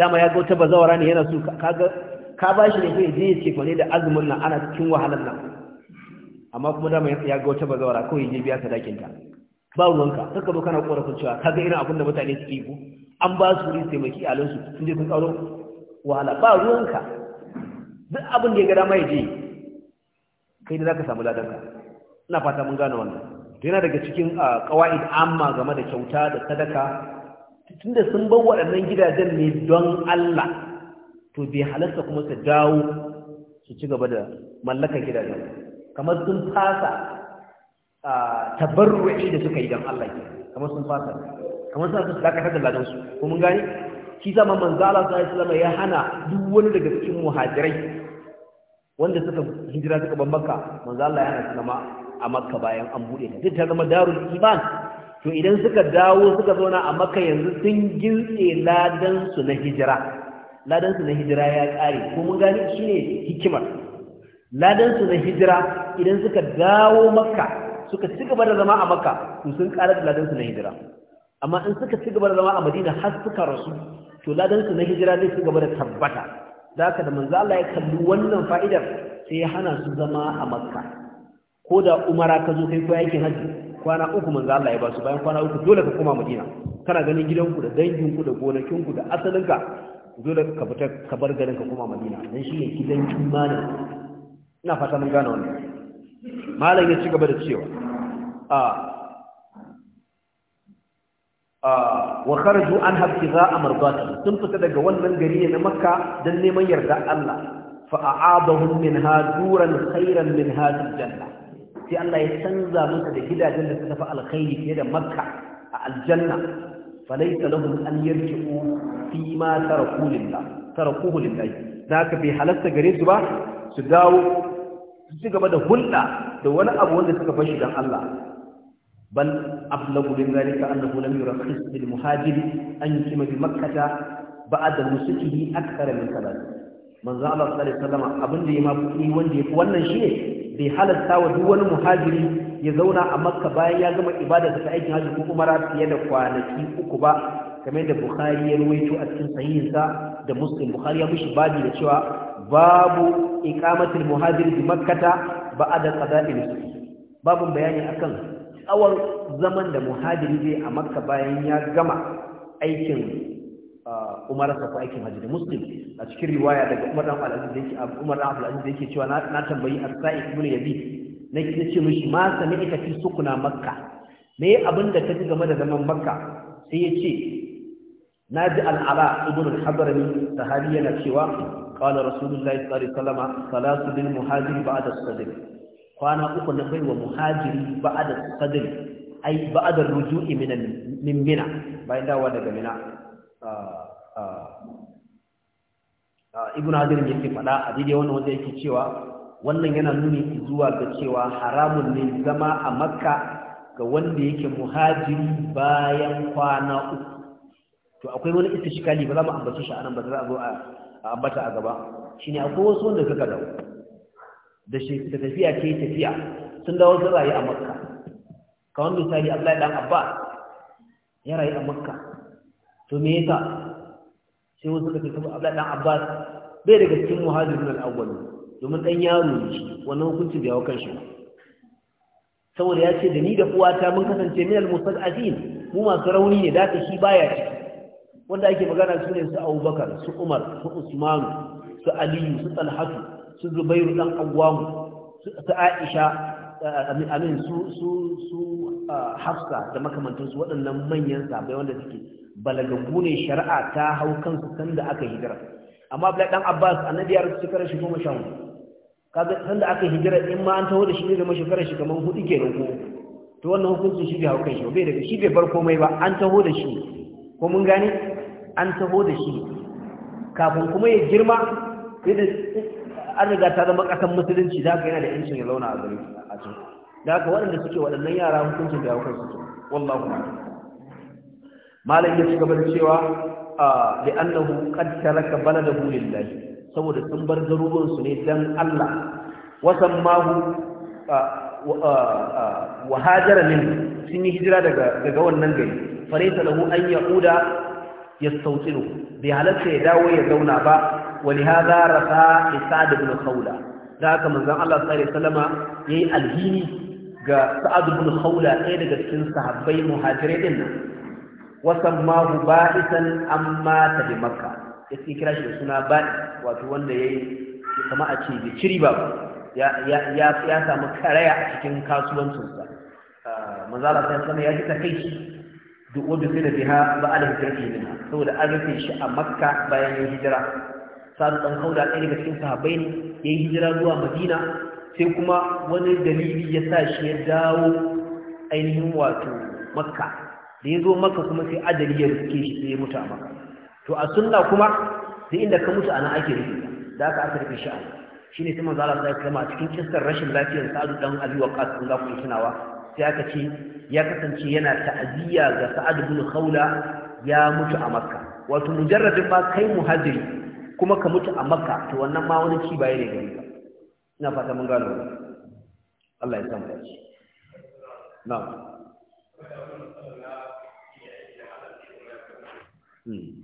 dama ya ga wata bazawara ne yana so kaga ka ba shi ne sai zai ya ce kwane da azumin nan ana cikin wahalar nan amma kuma dama ya ga wata bazawara kawai je biya sadakin ta ba ruwanka saka ba kana korafin cewa ga irin abin da mutane suke ko. an ba su ri taimaki a lansu sun je sun tsaro wahala ba ruwanka duk abin da ya ga dama ya je kai da ka samu ladanka ina fata mun gane wannan to yana daga cikin ah, da amma game da kyauta da sadaka tunda sun bar waɗannan gidajen ne don Allah to bai halarta kuma su dawo su ci gaba da mallakar gidajen kamar sun fasa tabarruci da suka yi don Allah ke kamar sun fasa kamar suna sun dakatar da ladansu ko mun gani shi zama manzala sallallahu alaihi ya hana duk wani daga cikin muhajirai wanda suka hijira suka bar makka manzala ya hana su a makka bayan an bude ta ta zama darul iman to idan suka dawo suka zauna a makka yanzu sun gintse ladansu na hijira ladansu na hijira ya ƙare ko mun gani shi ne hikimar ladansu na hijira idan suka dawo makka suka ci gaba da zama a makka to sun ƙara da ladansu na hijira amma in suka ci gaba da zama a madina har suka rasu to ladansu na hijira zai ci gaba da tabbata da haka da manzo Allah ya kalli wannan fa'idar sai ya hana su zama a makka ko da umara ka zo kai ko yake haji kwana uku manzo Allah ya ba su bayan kwana uku dole ka koma madina kana ganin gidanku da danginku da gonakinku da asalinka dole ka fita ka bar garin ka koma madina dan shi ne gidan imanin ina fata mun gane wannan malam ya ci gaba da cewa a a wa kharaju an habtiza amrdati sun fita daga wannan gari ne na makka dan neman yarda Allah fa a'adahum minha duran khairan min hadhihi janna sai Allah ya canza musu da gidajen da suka fi alkhairi fiye da makka a aljanna falaita lahum an yarji'u fi ma taraku lillah tarakuhu lillah da ka bai halarta gare su ba su dawo su ci gaba da hulɗa da wani abu wanda suka bar dan Allah bal ablagu min zalika annahu lam yurakhis lil muhajir an yukima bi makkah ba'da musukihi akthara min salat manzo Allah sallallahu alaihi wasallam abin da ya mafi wanda ya wannan shine bai halatta wa duk wani muhajiri ya zauna a makka bayan ya gama ibada ta aikin hajji ko umara fiye da kwanaki uku ba kamar da bukhari ya ruwaito a cikin sahihinsa da muslim bukhari ya mushi babi da cewa babu iqamatul muhajir bi makkata ba'da qada'il babu bayani akan tsawon zaman da muhajiri zai a makka bayan ya gama aikin uh, umararsa ko aikin hajji da muslim a cikin riwaya daga umar dan al-aziz yake umar al-aziz yake cewa na tambayi as-sa'id ibn yazid na ce mishi ma sami ita fi sukuna makka me abin da ta ji game da zaman makka sai ya ce na ji al'ala ibn al-hadrami sahabi yana cewa qala rasulullahi sallallahu alaihi wasallam salatu lil muhajiri ba'da sadr kwana uku na wa muhajiri ba'da sadr ai ba'da ruju'i min min mina bayan dawa daga mina ah, ah, ah, ibn hajar yake faɗa a daidai wannan wanda yake cewa wannan yana nuni zuwa ga cewa haramun ne zama a makka ga wanda yake muhajiri bayan kwana uku to akwai wani ita shikali ba za mu ambace shi anan ba za a zo a ambata a gaba ne akwai wasu wanda suka dawo da shi ta tafiya ce tafiya sun dawo sun rayu a makka Ka wanda misali Abdullahi dan Abba ya rayu a makka to me yasa sai wasu suka ce Abdullahi dan abba bai daga cikin muhajirin al-awwalin domin ɗan yaro ne shi wannan hukuncin bai hau kan shi saboda ya ce da ni da uwata mun kasance min al azin mu masu rauni ne da shi baya ciki wanda ake magana su ne su Abubakar su Umar su Usman su Aliyu, su Talhatu su Zubairu dan Awwam su Aisha eh, amin su su su ah, Hafsa da makamantan su waɗannan manyan sabai wanda suke balagagu ne shari'a ta hau kansu sanda aka hijira amma Abdullahi dan Abbas annabi ya rubuta karar shi goma sha hudu kaga san da aka hijira in ma an taho da shi ne da mashekarar shi kamar hudu nan ko to wannan hukuncin shi bai hau shi bai daga shi bai bar komai ba an taho da shi ko mun gane an taho da shi kafin kuma ya girma yadda an riga ta zama kasan musulunci da ka yana da yancin ya zauna a gari a can da haka waɗanda suke waɗannan yara hukuncin da ya su wallahu malam ya ci gaba da cewa لأنه ah, qad ترك baladahu lillahi. saboda sun bar garuruwansu ne dan Allah wasan mahu wa min sun yi hijira daga wannan gari faraita lahu an ya yastawtilu Bai halatta ya dawo ya zauna ba wa li hadha rasa isad ibn khawla da haka manzon Allah sallallahu Salama ya yayi alhini ga sa'ad ibn haula. ɗaya daga cikin sahabbai muhajirai din nan wasammahu ba'isan amma ta bi makka ya kira shi da suna baɗi wato wanda ya yi kama a ce da ciri ba ya samu karaya a cikin kasuwancinsa mazala sai sama ya fita kai shi duk wanda sai da ha ba a da ke nuna saboda an rufe shi a makka bayan yin hijira sadu ɗan hauda ɗaya daga cikin sahabbai ne ya yi hijira zuwa madina sai kuma wani dalili ya sa shi ya dawo ainihin wato makka da ya zo makka kuma sai ajali ya rufe shi sai ya mutu a makka to a sunna kuma duk inda ka mutu ana ake rufe da aka aka rufe sha'ani shi ne sai manzo Allah sai kuma a cikin kistar rashin lafiyar Sa'adu dan Abi Waqqas kun ga ku tunawa sai aka ce ya kasance yana ta'aziyya ga Sa'ad ibn Khawla ya mutu a Makka wato mujarradin ba kai muhajiri kuma ka mutu a Makka to wannan ma wani ci baya ne gari ka ina fata mun gano Allah ya samu dace na'am Hmm.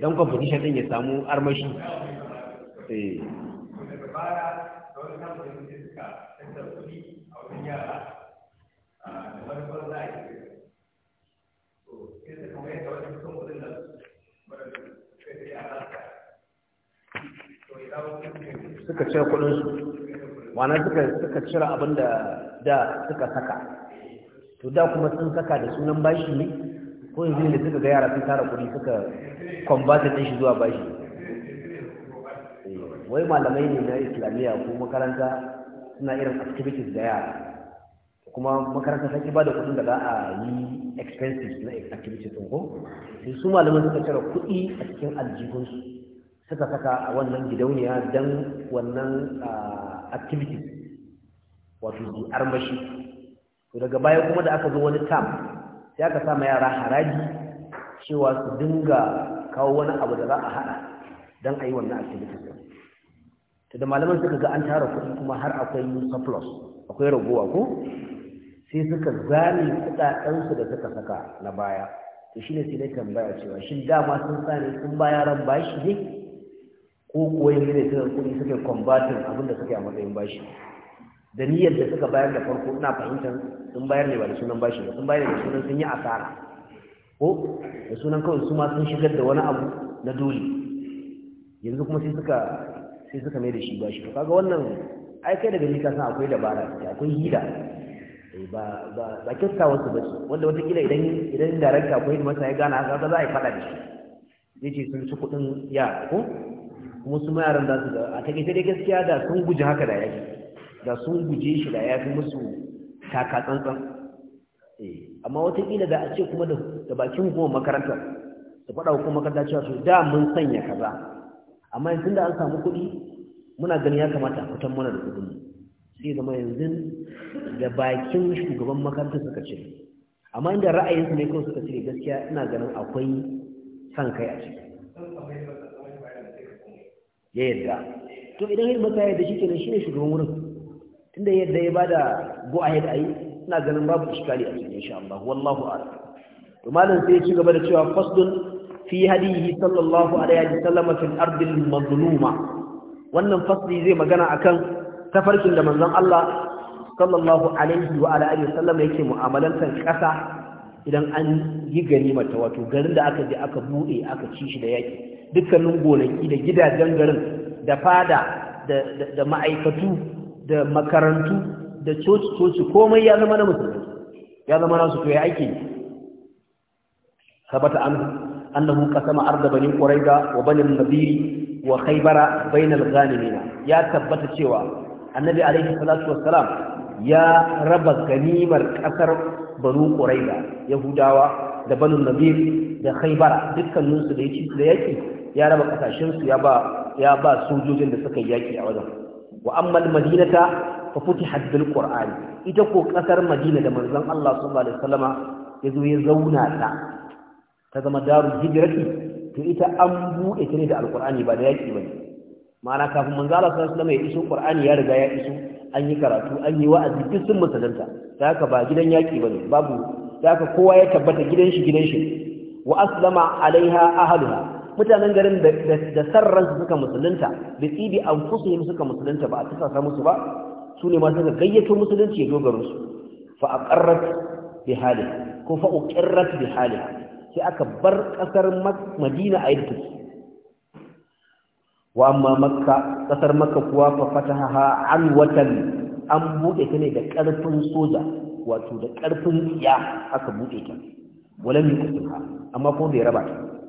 don competition din ya samu armashi eh suka cire kudinsu wane suka cire abin da da suka saka to da kuma sun saka da sunan bashi ne ko yanzu da suka ga yara sun tara kuɗi suka kwambata ɗin shi zuwa bashi eh, wai malamai ne na islamiyya ko makaranta suna irin activities da yara kuma makaranta sun ba da kuɗin da za a yi expenses na activities ɗin ko sai su malamai suka cire kuɗi a cikin aljihunsu suka saka a wannan gidauniya don wannan ah, activities wato armashi daga baya kuma da aka zo wani tam sai aka sa ma yara haraji cewa su dinga kawo wani abu da za a haɗa don a yi wannan activity ɗin. to da malaman suka ga an tara kuɗi kuma har akwai surplus akwai raguwa ko sai suka zame kuɗaɗensu da suka saka na baya to shine sai dai tambaya cewa shin dama sun sa ne sun ba yaran bashi ne ko kuwa yanzu ne suka kuɗi suka yi abin da suka yi a matsayin bashi da niyyar da suka bayar da farko ina fahimtar sun bayar ne ba da sunan bashi ba sun bayar da sunan sun yi asara ko da sunan kawai su ma sun shigar da wani abu na dole yanzu kuma sai suka sai suka mai da shi bashi to kaga wannan ai kai daga nika san akwai dabara akwai hila eh, ba ba ba kyauta wasu ba ce wanda watakila idan idan darakta akwai masa ya gana haka za a yi faɗa da shi zai ce sun ci kuɗin yara ko kuma su ma yaran za su ga a taƙaice dai gaskiya da sun guji haka da yaki da sun guje shi da ya fi musu taka tsantsan eh, amma watakila da a ce kuma da bakin hukumar makarantar da faɗa hukumar makarantar cewa su da mun sanya kaza amma yanzu da an samu kuɗi muna gani ya kamata a fitan mana da kuɗin sai zama yanzu da bakin shugaban makarantar suka ce amma inda su ne kawai suka cire gaskiya ina ganin akwai san kai a ciki ya yarda to idan hirmata ya da shi kenan ne shugaban wurin Inda yadda ya bada go ahead ayi, ina ganin babu iskali a cikin insha Allah wallahu a'lam to malam sai ya ci gaba da cewa fasdun fi hadihi sallallahu alaihi wa sallam fil ardi al-mazluma wannan fasli zai magana akan tafarkin da manzon Allah sallallahu alaihi wa alihi sallam yake mu'amalantan kasa idan an yi gani ta wato garin da aka je aka bude aka ci shi da yaki dukkanin gonaki da gidajen garin da fada da ma'aikatu da makarantu da coci-coci komai ya zama na musulmi ya zama nasu to ya aiki sabata an annahu qasama arda bani quraiza wa bani nadiri wa khaybara bainal ghanimina ya tabbata cewa annabi alaihi salatu wassalam ya raba ganimar kasar banu quraiza yahudawa da banu nadir da khaybara dukkaninsu da yake da yake ya raba kasashen su ya ba ya ba sojojin da suka yaki a wajen wa ammal madinata fa futihat bil qur'ani ita ko kasar madina da manzon Allah sallallahu alaihi wasallama yazo ya zauna ta ta zama darul hijrati to ita an bude ta ne da alqur'ani ba da yaki bane ma'ana kafin manzon Allah sallallahu alaihi wasallama ya iso qur'ani ya riga ya iso an yi karatu an yi wa'azi duk sun musulunta da haka ba gidan yaki bane babu da haka kowa ya tabbata gidan shi gidan shi wa aslama alaiha ahluha mutanen garin da sarran suka musulunta da tsibi an fusuyin suka musulunta ba a tasasa musu ba su ne masu ga gayyato musulunci ya dogaro su fa a ƙarrat bi hali ko fa a bi hali sai aka bar ƙasar madina a yadda su. wa amma makka ƙasar makka kuwa fa ha an watan an buɗe ta ne da ƙarfin soja wato da ƙarfin tsiya aka buɗe ta walam kusurha amma ko bai raba ta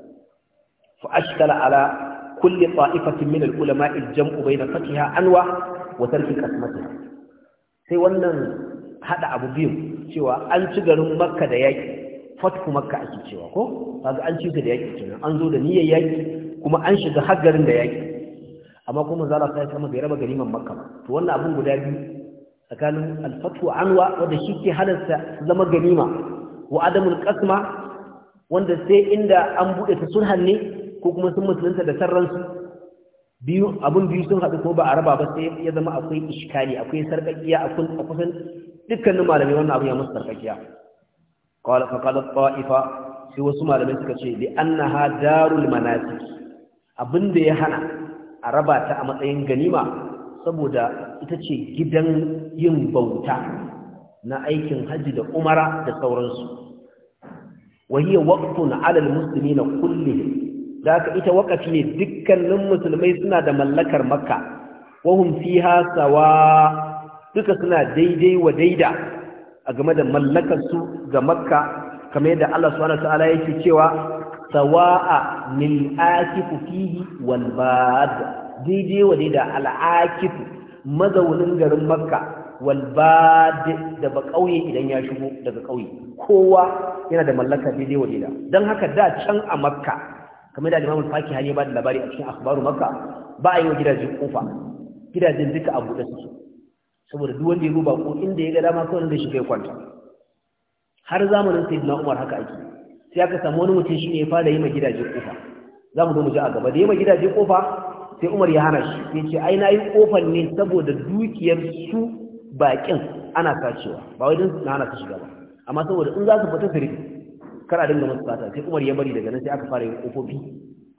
فأشكل على كل طائفة من العلماء الجمع بين فتحها أنوى وترك قسمتها sai wannan hada abu biyu cewa an ci garin makka da yaki fatku makka ake cewa ko kaga an ci da yaki kenan an zo da niyyar yaki kuma an shiga har da yaki amma kuma zala sai kuma bai raba gariman makka ba to wannan abun guda biyu tsakanin al-fathu anwa wanda ke halarta zama ganima wa adamul qasma sai inda an buɗe ta sulhan ne ko kuma sun musulunta da sarransu biyu abun biyu sun haɗu ko ba a raba ba sai ya zama akwai iskali akwai sarƙaƙiya a kusan dukkanin malamai wannan abu ya musu sarƙaƙiya qala fa qala ta'ifa sai wasu malamai suka ce li annaha darul manasik abinda ya hana a raba ta a matsayin ganima saboda ita ce gidan yin bauta na aikin hajji da umara da sauransu وهي alal Musulmi na kullihim da aka ita wakafi ne dukkanin musulmai suna da mallakar makka wahum fiha sawa duka suna daidai wa daida a game da mallakar ga makka kamar yadda Allah subhanahu wa ta'ala yake cewa sawa'a lil akifu fihi wal bad daidai wa daida al akifu mazaunin garin makka bad da ba kauye idan ya shigo daga kauye kowa yana da mallaka daidai wa daida don haka da can a makka kamar da Imam Al-Faqih ya ba da labari a cikin akhbaru Makka ba a yi wa gidaje kofa gidajen duka a buɗe su saboda duk wanda ya ruba ko inda ya ga dama kawai da shi kai kwanta har zamanin Sayyidina Umar haka ake sai aka samu wani mutum shine ya fara yi ma gidaje kofa za mu zo mu ji a gaba da yi ma gidajen kofa sai Umar ya hana shi ya ce ai na yi kofar ne saboda dukiyar su bakin ana sacewa ba wai dan na hana su shiga ba amma saboda in za su fita su kar a dinga musu fata sai Umar ya bari daga nan sai aka fara yin kofofi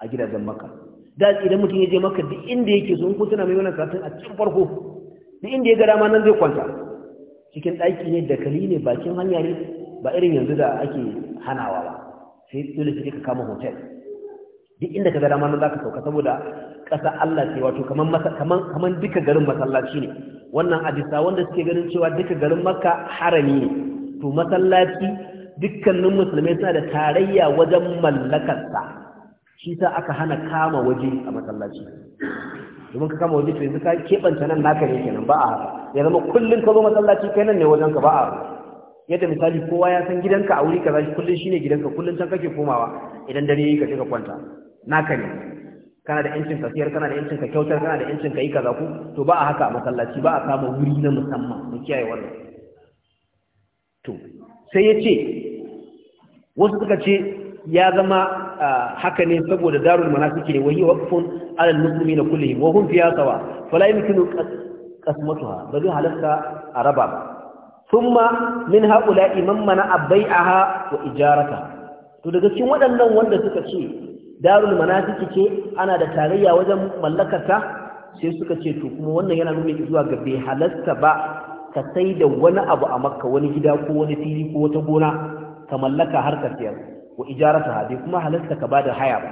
a gidajen Makka da idan mutum ya je Makka duk inda yake so in ko tana mai wannan karatun a cikin farko duk inda ya ga dama nan zai kwanta cikin ɗaki ne dakali ne bakin hanya ne ba irin yanzu da ake hanawa ba sai dole sai ka kama hotel duk inda ka ga dama nan zaka sauka saboda ƙasa Allah ce wato kaman kaman kaman duka garin masallaci ne wannan hadisa wanda suke ganin cewa duka garin Makka harami ne to masallaci dukkanin musulmai suna da tarayya wajen mallakarsa shi sa aka hana kama waje a masallaci domin ka kama waje to yanzu ka keɓanta nan naka ne kenan ba a haka ya zama kullum ka zo masallaci kai nan ne wajen ka ba a yadda misali kowa ya san gidanka a wuri kaza shi kullum shine gidanka kullum can kake komawa idan dare yayi ka ce ka kwanta naka ne kana da yancin ka siyar kana da yancin ka kyautar kana da yancin ka yi kaza ku to ba a haka a masallaci ba a kama wuri na musamman mu kiyaye wannan to sai ya ce wasu suka ce ya zama haka ne saboda darul manasiki ne wa hiya waqfun ala almuslimin kullihim wa hum fiha sawa fala yumkinu qasmatuha bal halatta araba thumma min haula man mana wa ijarata to daga cikin waɗannan wanda suka ce darul manasiki ce ana da tarayya wajen mallakarta sai suka ce to kuma wannan yana nuna zuwa ga bai halarta ba ka sai da wani abu a makka wani gida ko wani fili ko wata gona ka mallaka harkar siyar. siyar wa ijarata bai kuma halarta ka bada haya ba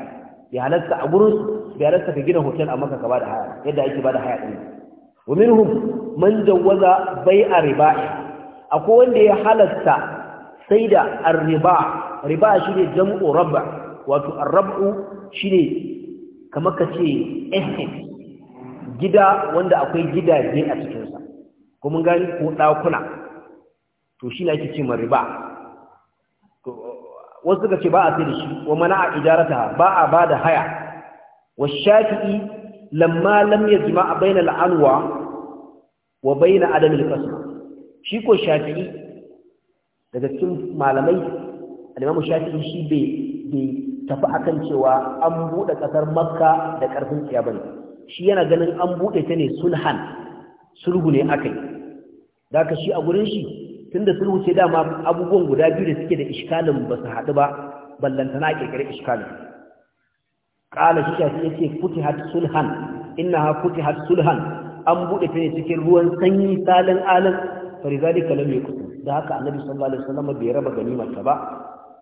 ya halarta a gurin bai halatta ka gina hotel amma ka bada haya yadda ake bada haya din wa minhum man jawaza bai'a riba'i akwai wanda ya halarta sai da riba riba shine jam'u rab'a wato ar-rab'u shine kamar ka ce estate gida wanda akwai gidaje a sa kuma gani ko dakuna to shi ne ake cewa riba wasu suka ce ba a sai da shi wa mana'a ijarata ba a ba da haya wa shafi'i lamma lam yajma bainal anwa wa bain adam al-qasm shi ko shafi'i daga cikin malamai al imamu shafi'i shi bai be tafi akan cewa an bude kasar makka da karfin kiyaban bane shi yana ganin an bude ta ne sulhan sulhu ne akai da shi a gurin shi tunda sulhu ce dama abubuwan guda biyu da suke da iskalin ba su haɗu ba ballantana ƙirƙirar iskalin ƙala shi shafi kuti hat sulhan kuti hat sulhan an buɗe ta ne cikin ruwan sanyi salin alin farizalika lam kuɗi, da haka annabi sallallahu alaihi wasallam bai raba ganimarsa ba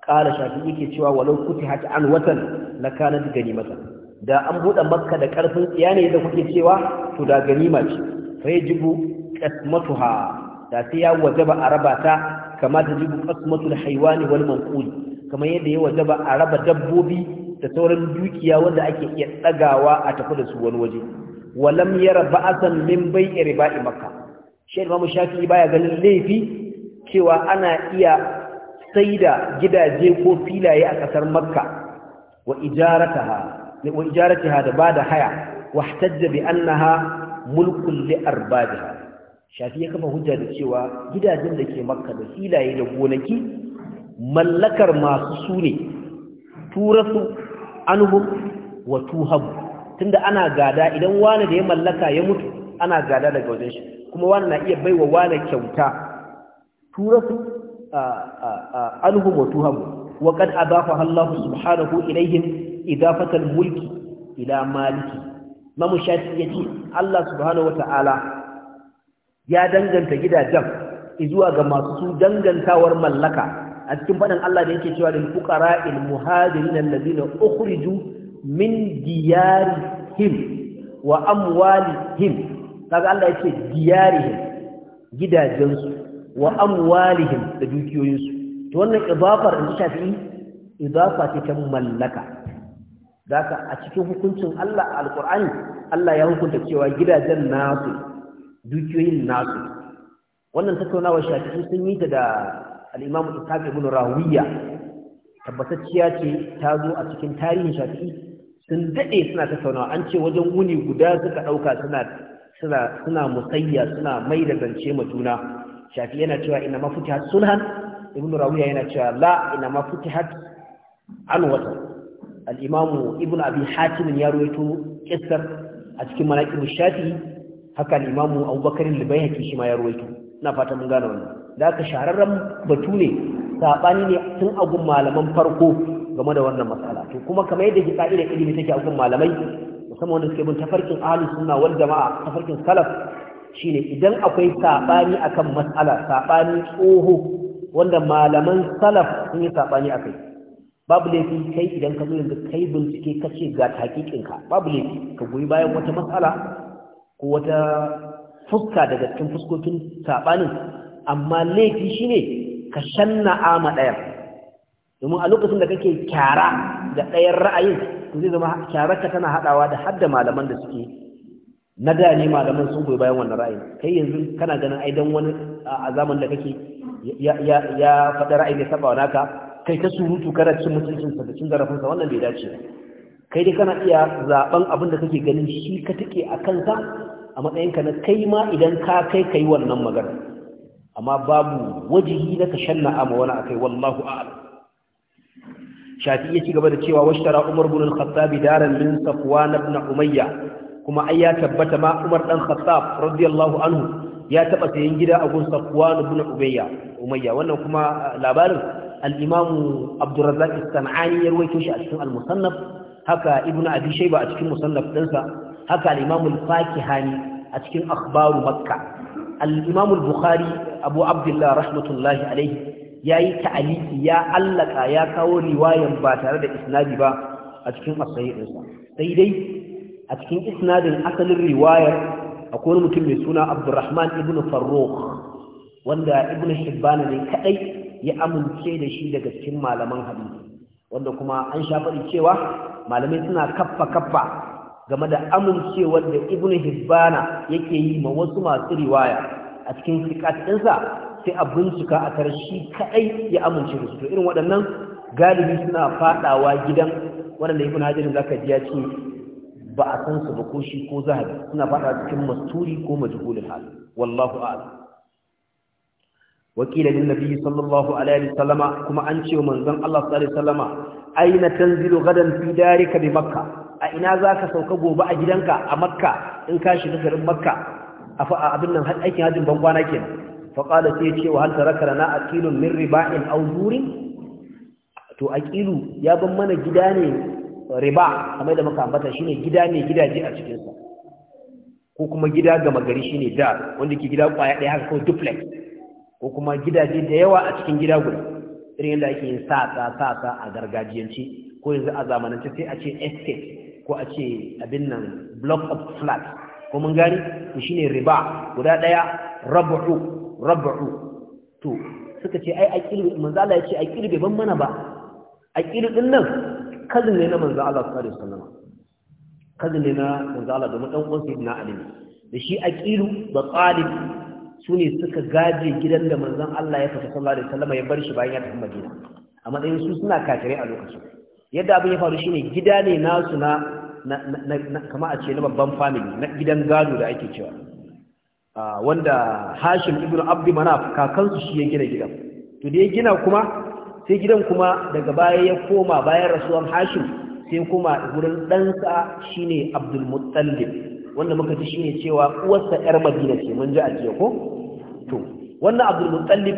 ƙala shafi yake cewa walau hat an watan na lakanat ganimatan da an buɗe makka da ƙarfin tsiya ne da kuke cewa to da ganima ce fa yajibu qasmatuha da sai ya wajaba a raba ta kama da jibu asmatul haywani wani manqul kamar yadda ya wajaba a raba dabbobi da sauran dukiya wanda ake iya tsagawa a tafi da su wani waje walam yara ba'asan min bai'i riba'i makka shi imamu shafi baya ganin laifi cewa ana iya saida gidaje ko filaye a kasar makka wa ijarataha wa ijarataha da bada haya wahtajja bi annaha mulkun li arbabiha shafi ya kafa hujja da cewa gidajen da ke makka da filaye da gonaki mallakar masu su ne turasu anhum wa tuhab tunda ana gada idan wani da ya mallaka ya mutu ana gada daga wajen shi kuma wani na iya baiwa wani kyauta turasu anhum wa tuhab wa kad adafa Allah subhanahu ilaihim idafatal mulki ila maliki mamu yace Allah subhanahu wa ta'ala ya danganta gidajen zuwa ga masu su dangantawar mallaka a cikin faɗin Allah da yake cewa lil fuqara al muhajirin alladhina ukhriju min diyarihim wa amwalihim kaga Allah yake diyarihim gidajensu wa amwalihim da dukiyoyinsu to wannan idafar in shafi idafa ce ta mallaka daka a cikin hukuncin Allah alqur'ani Allah ya hukunta cewa gidajen nasu dukiyoyin nasu wannan tattaunawar shafi sun yi ta da al'imamu ishaq ibn rawiya tabbatacciya ce ta zo a cikin tarihin shafi. sun daɗe suna tattaunawa an ce wajen wuni guda suka ɗauka suna suna suna musayya suna mai da zance ma juna shafi yana cewa ina mafutihat sulhan ibn rawiya yana cewa la ina mafutihat anwatan al-imam ibn abi hatim ya ruwaito kissar a cikin manaqib shafi haka al Abu abubakar bai bayhaqi shi ma ya ruwaito ina fata mun gane wannan da aka shahararren batu ne saɓani ne tun agun malaman farko game da wannan matsala to kuma kamar yadda ki ka'ida ilimi take a gun malamai musamman wanda suke bin tafarkin ahli sunna wal jama'a tafarkin salaf shine idan akwai sabani akan matsala saɓani tsoho wanda malaman salaf sun yi sabani akai babu laifi kai idan ka zo yanzu kai bincike kace ga hakikinka babu laifi ka goyi bayan wata matsala ko wata fuska daga cikin fuskokin saɓanin amma laifi shine ka shanna ama ɗaya domin a lokacin da kake kyara da ɗayan ra'ayin to zai zama kyararka tana haɗawa da hadda malaman da suke na da ne malaman sun goyi bayan wannan ra'ayin kai yanzu kana ganin ai dan wani a zaman da kake ya faɗi ra'ayin ya saba naka kai ta surutu kana cin mutuncinsa da cin zarafinsa wannan bai dace ba kai dai kana iya zaben abin da kake ganin shi ka take a kansa a matsayinka na kai ma idan ka kai kai wannan magana amma babu wajihi na ka shanna mawana akai wallahu a'lam shafi iya ci gaba da cewa tara umar ibn al-khattab daran min safwan ibn umayya kuma ai ya tabbata ma umar dan khattab radiyallahu anhu ya taba sayan gida a gun safwan ibn umayya umayya wannan kuma labarin al-imam abdurrazzaq as ya rawaito shi a cikin al-musannaf haka ibn abi shayba a cikin musannaf dinsa haka al-imam al-fakihani a cikin akhbaru makka al-imam al-bukhari abu abdullah rahmatullahi alayhi yayi ya allaka ya kawo riwayan ba tare da isnadi ba a cikin as-sahih dinsa dai a cikin isnadin asalin riwayar akwai wani mutum mai suna abdurrahman ibn farrukh wanda ibn hibban ne kadai ya amince da shi daga cikin malaman hadisi wanda kuma an sha faɗi cewa malamai suna kaffa kaffa game da amincewar da ibn hibbana yake yi ma wasu masu riwaya a cikin sikatinsa sai a bincika a tarshi kaɗai ya amince da su to irin waɗannan galibi suna faɗawa gidan waɗanda ibn hajarin zaka ji ya ce ba a san su ba ko shi ko zahabi suna faɗa cikin masturi ko majhulul hal wallahu a'lam wakila lin sallallahu alaihi wasallama kuma an ce manzon Allah sallallahu alaihi wasallama aina tanzilu gadan fi darika bi makka a ina zaka sauka gobe a gidanka a makka in ka shiga garin makka afa abin nan aikin hajjin bangwana kenan fa qala sai ce wa hal taraka lana aqilun min riba'in aw zurin to aqilu ya ban mana gida ne riba kamar da muka ambata shine gida ne gidaje a cikin sa ko kuma gida gama gari shine da wanda ke gida kwaya ɗaya haka ko duplex ko kuma gidaje da yawa a cikin gida guda irin yadda ake yin sata sata a gargajiyance ko yanzu a zamanance sai a ce estate ko a ce abin nan block of flat ko mun gani to shine riba guda daya rabu rabu to suka ce ai aqil manzo Allah ya ce aqil bai ban mana ba aqil din nan kazin ne na manzo Allah sallallahu alaihi wasallam kazin ne na manzo Allah domin dan uwan sayyidina Ali da shi aqilu da talib su ne suka gaje gidan da manzon Allah ya fita sallallahu alaihi wasallam ya bar shi bayan ya tafi Madina a matsayin su suna kafirai a lokacin yadda abin ya faru shine gida ne nasu na kama a ce na babban family na gidan gado da ake cewa wanda Hashim ibn Abdi Manaf kakansu shi ya gina gidan to da ya gina kuma sai gidan kuma daga baya ya koma bayan rasuwan Hashim sai kuma gurin ɗansa shine Abdul Muttalib wanda muka shi shine cewa uwarsa yar madina ce mun ji a jiya ko to wannan abdul mutallib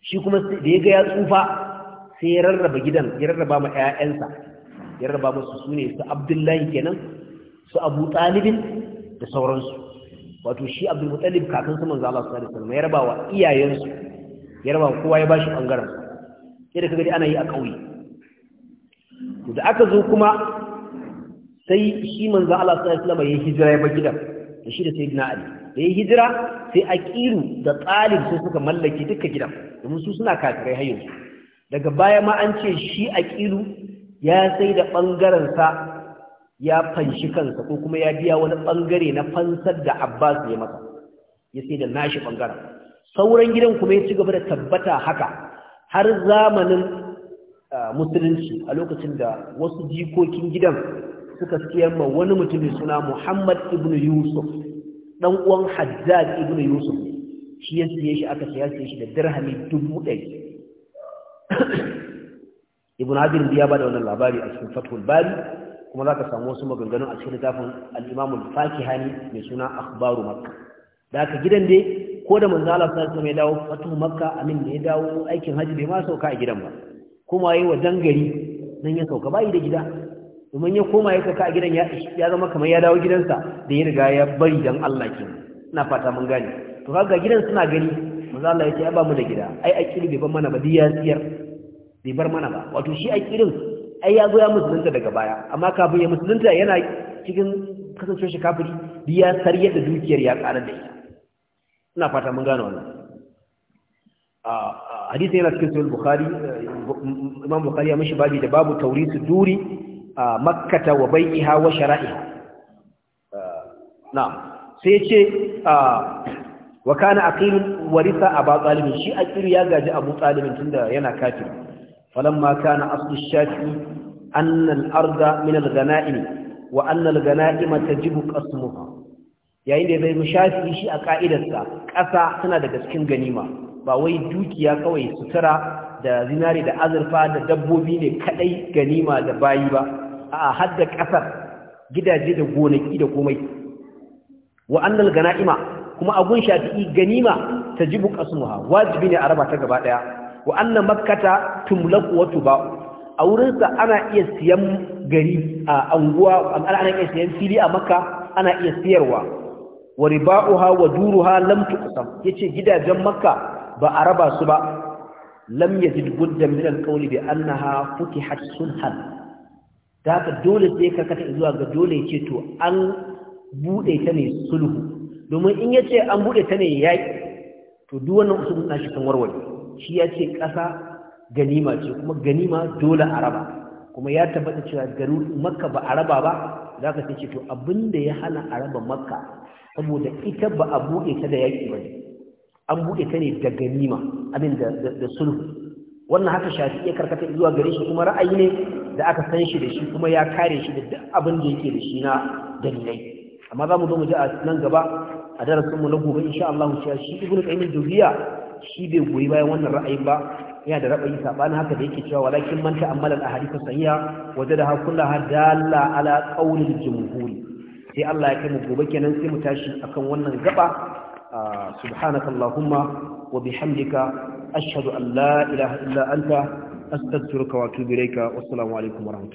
shi kuma da ya ga ya tsufa sai ya rarraba gidan ya rarraba ma ƴaƴansa ya rarraba musu sune su abdullahi kenan su abu talibin da sauransu wato shi abdul mutallib kakan su manzo Allah sallallahu alaihi wasallam ya raba iyayensu ya raba kowa ya bashi bangaren sai da kaga ana yi a kauye to da aka zo kuma sai shi manzo Allah sallallahu alaihi wasallam hijira ya bar gidan da shi da sayyidina Ali da ya hijira sai aqiru da Talib sai suka mallaki duka gidan domin su suna kafirai har daga baya ma an ce shi aqiru ya sai da bangaren sa ya fanshi kansa ko kuma ya biya wani bangare na fansar da Abbas ya maka. ya sai da nashi bangaren sauran gidan kuma ya ci gaba da tabbata haka har zamanin ah, musulunci a lokacin da wasu jikokin gidan suka siyan ma wani mutum mai suna Muhammad ibn Yusuf dan uwan Haddad ibn Yusuf shi ya siye shi aka siya shi da dirhami 1000 (coughs) Ibn Hajar ya da wannan labari a cikin Fathul Bari kuma zaka samu wasu maganganun a cikin littafin Al-Imam Al-Fakihani mai suna Akhbaru Makka da aka gidan dai ko da manzo Allah sallallahu alaihi wasallam ya dawo Fathul Makka amin da ya dawo aikin haji bai ma sauka a gidan ba kuma yayi wa dangari nan ya sauka bai da gida domin ya koma ya kaka a gidan ya zama kamar ya dawo gidansa da ya riga ya bari don Allah ke ina fata mun gane to ga gidan suna gani maza Allah ya ce ba mu da gida ai akili bai bar mana ba diya siyar bai bar mana ba wato shi akilin ai ya goya musulunta daga baya amma kafin ya musulunta yana cikin kasancewar shi kafiri diya sarye da dukiyar ya ƙara da ita ina fata mun gane wannan hadisi yana cikin sahih bukhari eh, imam bukhari ya mishi babi da babu su duri makkata wa bai'iha wa shara'iha na'am sai ce wa kana aqil warisa aba talib shi aqil ya gaji abu talib tunda yana kafir falamma kana aslu shafi anna al-arda min al-ghanaim wa anna al-ghanaim tajibu qasmuha yayin da bai mushafi shi a ka'idarsa ƙasa tana daga cikin ganima ba wai dukiya kawai sutura da zinari da azurfa da dabbobi ne kadai ganima da bayi ba a hadda ƙasar gidaje da gonaki da komai wa annal gana'ima kuma abun shafi'i ganima tajibu qasmuha wajibi ne a raba ta gaba daya wa anna makkata tumlaku wa tuba a wurinsa ana iya siyan gari a anguwa ana iya siyan fili a makka ana iya siyarwa wa riba'uha wa duruha lam tuqsam yace gidajen makka ba a raba su ba lam yajid budda min alqawli bi annaha futihat hal. da haka dole sai ka kata zuwa ga dole ya ce to an buɗe ta ne sulhu domin in yace ce an buɗe ta ne yaƙi to duk wannan na shi kan warware shi ya ce ƙasa ganima ce kuma ganima dole a raba kuma ya tabbata cewa garu makka ba a raba ba za ka sai ce to abinda ya hana a raba makka saboda ita ba a buɗe ta da yaƙi ba ne an buɗe ta ne da ganima amin da sulhu wannan haka shafi ya karkata zuwa gare shi kuma ra'ayi ne da aka san shi da shi kuma ya kare shi da duk abin da yake da shi na dalilai amma za mu zo mu ji a nan gaba a darasin mu na gobe insha Allah mu cewa shi ibnu qayyim dawiya shi bai goyi bayan wannan ra'ayin ba yana da ra'ayi sabanin haka da yake cewa walakin man ta'ammala al-ahadith as-sahiha wajadaha har dalla ala qawli al-jumhur sai Allah ya kai mu gobe kenan sai mu tashi akan wannan gaba ah, subhanakallahumma wa bihamdika ashhadu an la ilaha illa anta astaghfiruka wa atubu ilayka wassalamu alaikum warahmatullahi